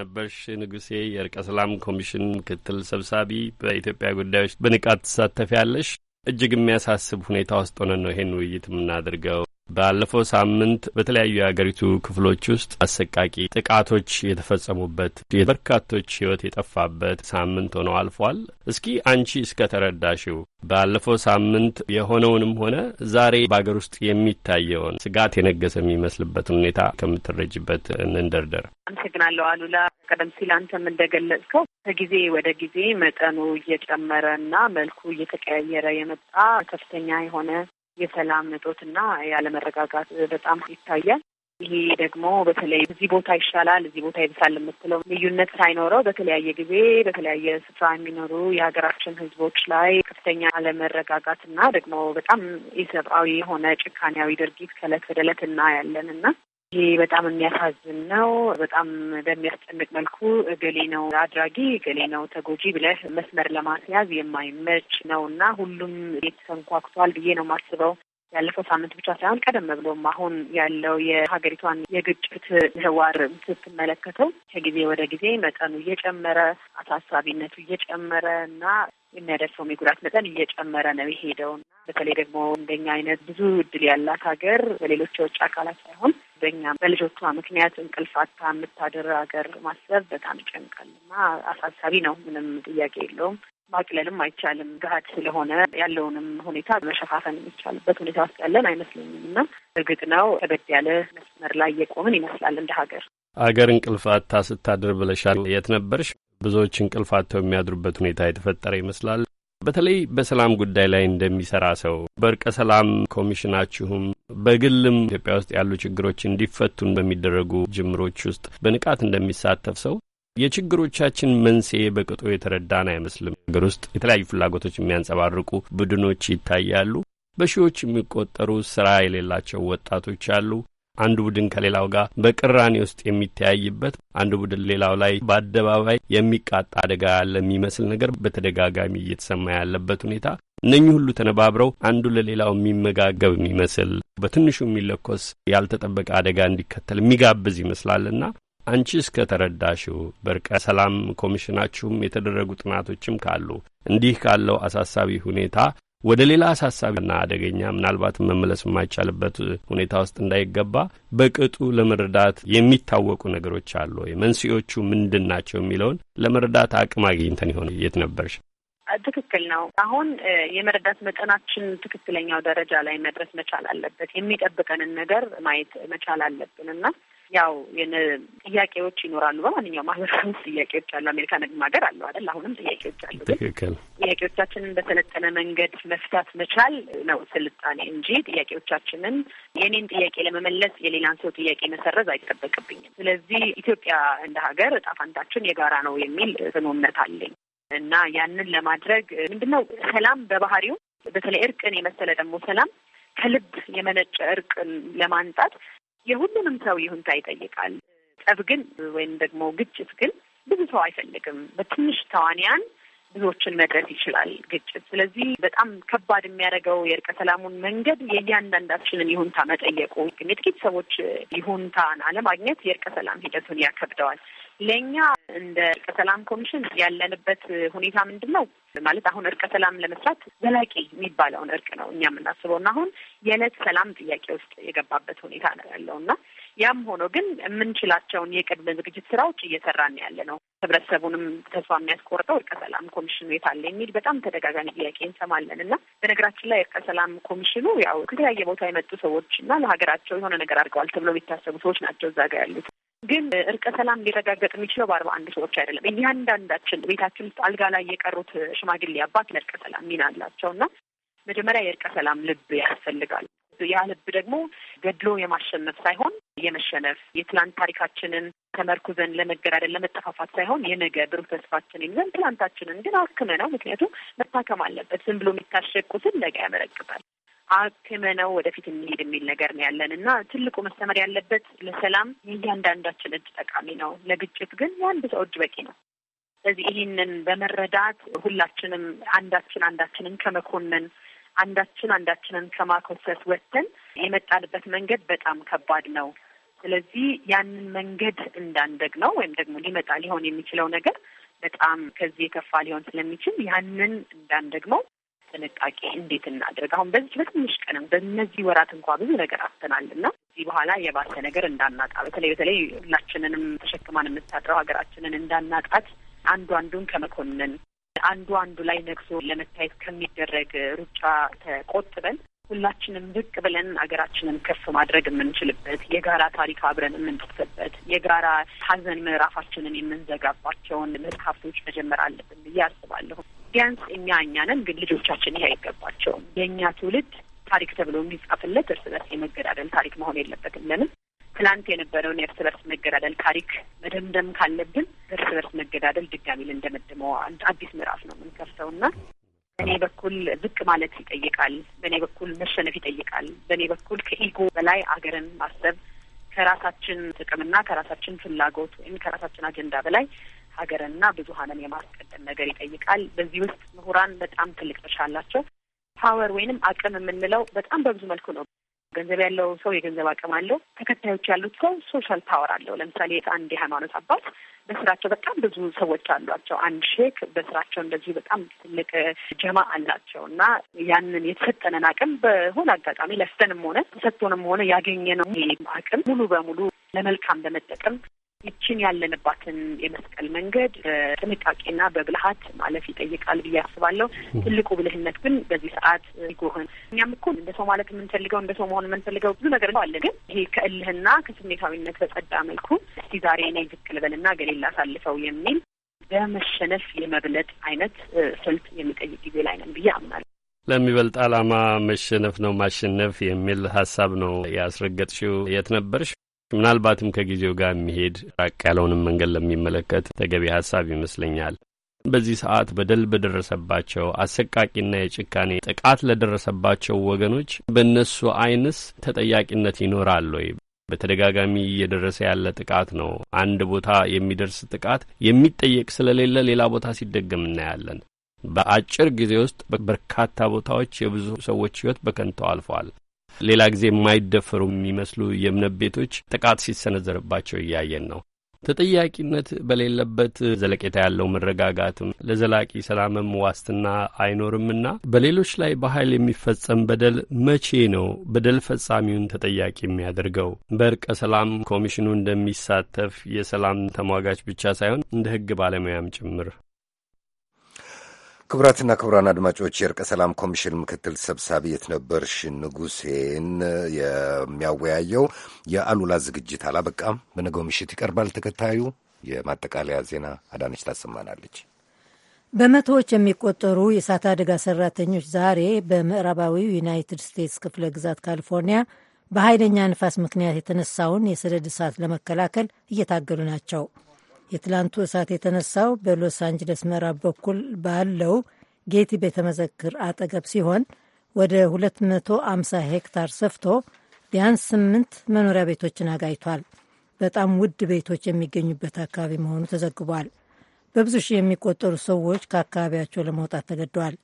ነበርሽ ንጉሴ የእርቀ ሰላም ኮሚሽን ምክትል ሰብሳቢ፣ በኢትዮጵያ ጉዳዮች በንቃት ትሳተፊያለሽ። እጅግ የሚያሳስብ ሁኔታ ውስጥ ሆነን ነው ይህን ውይይት የምናደርገው። ባለፈው ሳምንት በተለያዩ የአገሪቱ ክፍሎች ውስጥ አሰቃቂ ጥቃቶች የተፈጸሙበት የበርካቶች ሕይወት የጠፋበት ሳምንት ሆኖ አልፏል። እስኪ አንቺ እስከ ተረዳሽው ባለፈው ሳምንት የሆነውንም ሆነ ዛሬ በአገር ውስጥ የሚታየውን ስጋት የነገሰ የሚመስልበትን ሁኔታ ከምትረጅበት እንንደርደር። አመሰግናለሁ አሉላ። ቀደም ሲል አንተም እንደገለጽከው ከጊዜ ወደ ጊዜ መጠኑ እየጨመረ እና መልኩ እየተቀያየረ የመጣ ከፍተኛ የሆነ የሰላም እጦትና ያለመረጋጋት በጣም ይታያል። ይሄ ደግሞ በተለይ እዚህ ቦታ ይሻላል፣ እዚህ ቦታ ይብሳል የምትለው ልዩነት ሳይኖረው በተለያየ ጊዜ በተለያየ ስፍራ የሚኖሩ የሀገራችን ሕዝቦች ላይ ከፍተኛ አለመረጋጋትና ደግሞ በጣም ኢሰብአዊ የሆነ ጭካኔያዊ ድርጊት ከእለት ወደ እለት እናያለን እና ይህ በጣም የሚያሳዝን ነው። በጣም በሚያስጨንቅ መልኩ እገሌ ነው አድራጊ፣ እገሌ ነው ተጎጂ ብለህ መስመር ለማስያዝ የማይመች ነው እና ሁሉም የተንኳክቷል ብዬ ነው የማስበው። ያለፈው ሳምንት ብቻ ሳይሆን ቀደም ብሎም አሁን ያለው የሀገሪቷን የግጭት ምህዋር ስትመለከተው ከጊዜ ወደ ጊዜ መጠኑ እየጨመረ አሳሳቢነቱ እየጨመረ እና የሚያደርሰውም የጉዳት መጠን እየጨመረ ነው የሄደውና በተለይ ደግሞ እንደኛ አይነት ብዙ እድል ያላት ሀገር በሌሎች የውጭ አካላት ሳይሆን በእኛ በልጆቿ ምክንያት እንቅልፍ አታ የምታድር ሀገር ማሰብ በጣም ይጨንቃል እና አሳሳቢ ነው። ምንም ጥያቄ የለውም። ማቅለልም አይቻልም። ገሀድ ስለሆነ ያለውንም ሁኔታ መሸፋፈን የሚቻልበት ሁኔታ ውስጥ ያለን አይመስለኝም እና እርግጥ ነው ከበድ ያለ መስመር ላይ የቆምን ይመስላል እንደ ሀገር። አገር እንቅልፍ አታ ስታድር ብለሻል። የት ነበርሽ? ብዙዎች እንቅልፍ አጥተው የሚያድሩበት ሁኔታ የተፈጠረ ይመስላል። በተለይ በሰላም ጉዳይ ላይ እንደሚሰራ ሰው በእርቀ ሰላም ኮሚሽናችሁም በግልም ኢትዮጵያ ውስጥ ያሉ ችግሮች እንዲፈቱን በሚደረጉ ጅምሮች ውስጥ በንቃት እንደሚሳተፍ ሰው የችግሮቻችን መንስኤ በቅጡ የተረዳን አይመስልም። ሀገር ውስጥ የተለያዩ ፍላጎቶች የሚያንጸባርቁ ቡድኖች ይታያሉ። በሺዎች የሚቆጠሩ ስራ የሌላቸው ወጣቶች አሉ። አንድ ቡድን ከሌላው ጋር በቅራኔ ውስጥ የሚተያይበት አንድ ቡድን ሌላው ላይ በአደባባይ የሚቃጣ አደጋ ያለ የሚመስል ነገር በተደጋጋሚ እየተሰማ ያለበት ሁኔታ እነኚህ ሁሉ ተነባብረው አንዱ ለሌላው የሚመጋገብ የሚመስል በትንሹ የሚለኮስ ያልተጠበቀ አደጋ እንዲከተል የሚጋብዝ ይመስላልና አንቺ እስከ ተረዳሽው በርቀ ሰላም ኮሚሽናችሁም የተደረጉ ጥናቶችም ካሉ እንዲህ ካለው አሳሳቢ ሁኔታ ወደ ሌላ አሳሳቢና አደገኛ ምናልባት መመለስ የማይቻልበት ሁኔታ ውስጥ እንዳይገባ በቅጡ ለመረዳት የሚታወቁ ነገሮች አሉ ወይ? መንስኤዎቹ ምንድን ናቸው የሚለውን ለመረዳት አቅም አግኝተን ይሆን? የት ነበርሽ? ትክክል ነው። አሁን የመረዳት መጠናችን ትክክለኛው ደረጃ ላይ መድረስ መቻል አለበት። የሚጠብቀንን ነገር ማየት መቻል አለብን እና ያው የነ ጥያቄዎች ይኖራሉ። በማንኛውም ማህበረሰብ ውስጥ ጥያቄዎች አሉ። አሜሪካ ነግም ሀገር አለ አይደል? አሁንም ጥያቄዎች አሉ። ግን ጥያቄዎቻችንን በሰለጠነ መንገድ መፍታት መቻል ነው ስልጣኔ እንጂ ጥያቄዎቻችንን የኔን ጥያቄ ለመመለስ የሌላን ሰው ጥያቄ መሰረዝ አይጠበቅብኝም። ስለዚህ ኢትዮጵያ እንደ ሀገር እጣ ፈንታችን የጋራ ነው የሚል ጽኑ እምነት አለኝ እና ያንን ለማድረግ ምንድነው ሰላም በባህሪው በተለይ እርቅን የመሰለ ደግሞ ሰላም ከልብ የመነጨ እርቅን ለማንጣት የሁሉንም ሰው ይሁንታ ይጠይቃል። ጠብ ግን ወይም ደግሞ ግጭት ግን ብዙ ሰው አይፈልግም። በትንሽ ተዋንያን ብዙዎችን መድረስ ይችላል ግጭት። ስለዚህ በጣም ከባድ የሚያደርገው የእርቀ ሰላሙን መንገድ የእያንዳንዳችንን ይሁንታ መጠየቁ። የጥቂት ሰዎች ይሁንታን አለማግኘት የእርቀ ሰላም ሂደቱን ያከብደዋል። ለእኛ እንደ እርቀ ሰላም ኮሚሽን ያለንበት ሁኔታ ምንድን ነው? ማለት አሁን እርቀ ሰላም ለመስራት ዘላቂ የሚባለውን እርቅ ነው እኛ የምናስበው እና አሁን የዕለት ሰላም ጥያቄ ውስጥ የገባበት ሁኔታ ነው ያለው እና ያም ሆኖ ግን የምንችላቸውን የቅድመ ዝግጅት ስራዎች እየሰራን ያለ ነው። ህብረተሰቡንም ተስፋ የሚያስቆርጠው እርቀ ሰላም ኮሚሽኑ የታለ የሚል በጣም ተደጋጋሚ ጥያቄ እንሰማለን እና በነገራችን ላይ እርቀ ሰላም ኮሚሽኑ ያው ከተለያየ ቦታ የመጡ ሰዎች እና ለሀገራቸው የሆነ ነገር አድርገዋል ተብሎ የሚታሰቡ ሰዎች ናቸው እዛ ጋ ያሉት ግን እርቀ ሰላም ሊረጋገጥ የሚችለው በአርባ አንድ ሰዎች አይደለም። እያንዳንዳችን ቤታችን ውስጥ አልጋ ላይ የቀሩት ሽማግሌ አባት ለእርቀ ሰላም ሚና አላቸው እና መጀመሪያ የእርቀ ሰላም ልብ ያስፈልጋል። ያ ልብ ደግሞ ገድሎ የማሸነፍ ሳይሆን የመሸነፍ የትላንት ታሪካችንን ተመርኩዘን ለመገዳደል ለመጠፋፋት ሳይሆን የነገ ብሩህ ተስፋችን ይዘን ትላንታችንን ግን አክመ ነው። ምክንያቱም መታከም አለበት። ዝም ብሎ የሚታሸቁትን ነገ ያመረቅታል። አክመነው ወደፊት እንሄድ የሚል ነገር ነው ያለን እና ትልቁ መስተመር ያለበት ለሰላም የእያንዳንዳችን እጅ ጠቃሚ ነው፣ ለግጭት ግን የአንድ ሰው እጅ በቂ ነው። ስለዚህ ይህንን በመረዳት ሁላችንም አንዳችን አንዳችንን ከመኮነን አንዳችን አንዳችንን ከማኮሰስ ወጥተን የመጣንበት መንገድ በጣም ከባድ ነው። ስለዚህ ያንን መንገድ ነው ወይም ደግሞ ሊመጣ ሊሆን የሚችለው ነገር በጣም ከዚህ የከፋ ሊሆን ስለሚችል ያንን እንዳንደግመው ጥንቃቄ እንዴት እናደርግ አሁን በዚህ በትንሽ ቀንም በእነዚህ ወራት እንኳ ብዙ ነገር አስተናል እና እዚህ በኋላ የባሰ ነገር እንዳናጣ በተለይ በተለይ ሁላችንንም ተሸክማን የምታጥረው ሀገራችንን እንዳናጣት አንዱ አንዱን ከመኮንን አንዱ አንዱ ላይ ነግሶ ለመታየት ከሚደረግ ሩጫ ተቆጥበን ሁላችንም ብቅ ብለን አገራችንን ከፍ ማድረግ የምንችልበት የጋራ ታሪክ አብረን የምንጽፍበት የጋራ ሀዘን ምዕራፋችንን የምንዘጋባቸውን መጽሐፍቶች መጀመር አለብን ብዬ አስባለሁ። ቢያንስ እኛ እኛ ነን፣ ግን ልጆቻችን ይሄ አይገባቸውም። የእኛ ትውልድ ታሪክ ተብሎ የሚጻፍለት እርስ በርስ የመገዳደል ታሪክ መሆን የለበትም። ለምን ትላንት የነበረውን የእርስ በርስ መገዳደል ታሪክ መደምደም ካለብን እርስ በርስ መገዳደል ድጋሚ ልንደመድመው አዲስ ምዕራፍ ነው የምንከፍተው እና በእኔ በኩል ዝቅ ማለት ይጠይቃል። በእኔ በኩል መሸነፍ ይጠይቃል። በእኔ በኩል ከኢጎ በላይ አገርን ማሰብ ከራሳችን ጥቅምና ከራሳችን ፍላጎት ወይም ከራሳችን አጀንዳ በላይ ሀገርንና ብዙሀንን የማስቀደም ነገር ይጠይቃል። በዚህ ውስጥ ምሁራን በጣም ትልቅ ድርሻ አላቸው። ፓወር ወይንም አቅም የምንለው በጣም በብዙ መልኩ ነው። ገንዘብ ያለው ሰው የገንዘብ አቅም አለው። ተከታዮች ያሉት ሰው ሶሻል ፓወር አለው። ለምሳሌ አንድ የሃይማኖት አባት በስራቸው በጣም ብዙ ሰዎች አሏቸው። አንድ ሼክ በስራቸው እንደዚህ በጣም ትልቅ ጀማ አላቸው እና ያንን የተሰጠንን አቅም በሆነ አጋጣሚ ለፍተንም ሆነ ተሰጥቶንም ሆነ ያገኘነው አቅም ሙሉ በሙሉ ለመልካም በመጠቀም ይችን ያለንባትን የመስቀል መንገድ በጥንቃቄና በብልሀት ማለፍ ይጠይቃል ብዬ አስባለሁ። ትልቁ ብልህነት ግን በዚህ ሰዓት ይጎህን እኛም እኮ እንደ ሰው ማለት የምንፈልገው እንደ ሰው መሆን የምንፈልገው ብዙ ነገር አለ። ግን ይሄ ከእልህና ከስሜታዊነት በጸዳ መልኩ እስቲ ዛሬ እኔ ዝቅ ልበልና ገሌላ አሳልፈው የሚል በመሸነፍ የመብለጥ አይነት ስልት የሚጠይቅ ጊዜ ላይ ነን ብዬ አምናለሁ። ለሚበልጥ አላማ መሸነፍ ነው ማሸነፍ የሚል ሀሳብ ነው ያስረገጥሽው። የት ነበርሽ? ምናልባትም ከጊዜው ጋር የሚሄድ ራቅ ያለውንም መንገድ ለሚመለከት ተገቢ ሀሳብ ይመስለኛል። በዚህ ሰዓት በደል በደረሰባቸው አሰቃቂና የጭካኔ ጥቃት ለደረሰባቸው ወገኖች በእነሱ አይንስ ተጠያቂነት ይኖራል ወይ? በተደጋጋሚ እየደረሰ ያለ ጥቃት ነው። አንድ ቦታ የሚደርስ ጥቃት የሚጠየቅ ስለሌለ ሌላ ቦታ ሲደገም እናያለን። በአጭር ጊዜ ውስጥ በርካታ ቦታዎች የብዙ ሰዎች ሕይወት በከንተው አልፏል። ሌላ ጊዜ የማይደፈሩ የሚመስሉ የእምነት ቤቶች ጥቃት ሲሰነዘርባቸው እያየን ነው። ተጠያቂነት በሌለበት ዘለቄታ ያለው መረጋጋትም ለዘላቂ ሰላምም ዋስትና አይኖርምና በሌሎች ላይ በኃይል የሚፈጸም በደል መቼ ነው በደል ፈጻሚውን ተጠያቂ የሚያደርገው? በእርቀ ሰላም ኮሚሽኑ እንደሚሳተፍ የሰላም ተሟጋች ብቻ ሳይሆን እንደ ሕግ ባለሙያም ጭምር ክቡራትና ክቡራን አድማጮች የእርቀ ሰላም ኮሚሽን ምክትል ሰብሳቢ የትነበርሽ ንጉሴን የሚያወያየው የአሉላ ዝግጅት አላበቃም። በነገው ምሽት ይቀርባል። ተከታዩ የማጠቃለያ ዜና አዳነች ታሰማናለች። በመቶዎች የሚቆጠሩ የእሳት አደጋ ሰራተኞች ዛሬ በምዕራባዊ ዩናይትድ ስቴትስ ክፍለ ግዛት ካሊፎርኒያ በኃይለኛ ንፋስ ምክንያት የተነሳውን የሰደድ እሳት ለመከላከል እየታገሉ ናቸው። የትላንቱ እሳት የተነሳው በሎስ አንጅለስ ምዕራብ በኩል ባለው ጌቲ ቤተ መዘክር አጠገብ ሲሆን ወደ 250 ሄክታር ሰፍቶ ቢያንስ ስምንት መኖሪያ ቤቶችን አጋይቷል። በጣም ውድ ቤቶች የሚገኙበት አካባቢ መሆኑ ተዘግቧል። በብዙ ሺህ የሚቆጠሩ ሰዎች ከአካባቢያቸው ለመውጣት ተገደዋል።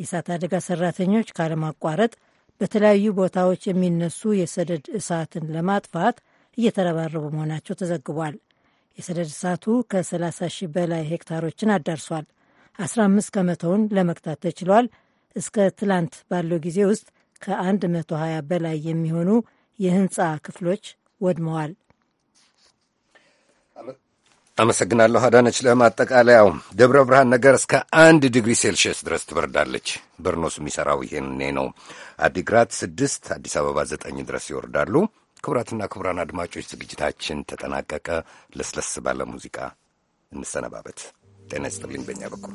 የእሳት አደጋ ሰራተኞች ካለማቋረጥ በተለያዩ ቦታዎች የሚነሱ የሰደድ እሳትን ለማጥፋት እየተረባረቡ መሆናቸው ተዘግቧል። የሰደድ እሳቱ ከ30 ሺህ በላይ ሄክታሮችን አዳርሷል። 15 ከመቶውን ለመግታት ተችሏል። እስከ ትላንት ባለው ጊዜ ውስጥ ከ120 በላይ የሚሆኑ የህንፃ ክፍሎች ወድመዋል። አመሰግናለሁ አዳነች። ለማጠቃለያው ደብረ ብርሃን ነገር እስከ አንድ ዲግሪ ሴልሽየስ ድረስ ትበርዳለች። በርኖስ የሚሠራው ይሄኔ ነው። አዲግራት ስድስት አዲስ አበባ ዘጠኝ ድረስ ይወርዳሉ። ክቡራትና ክቡራን አድማጮች ዝግጅታችን ተጠናቀቀ። ለስለስ ባለ ሙዚቃ እንሰነባበት። ጤና ይስጥልኝ በእኛ በኩል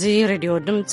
እዚ ሬድዮ ድምፂ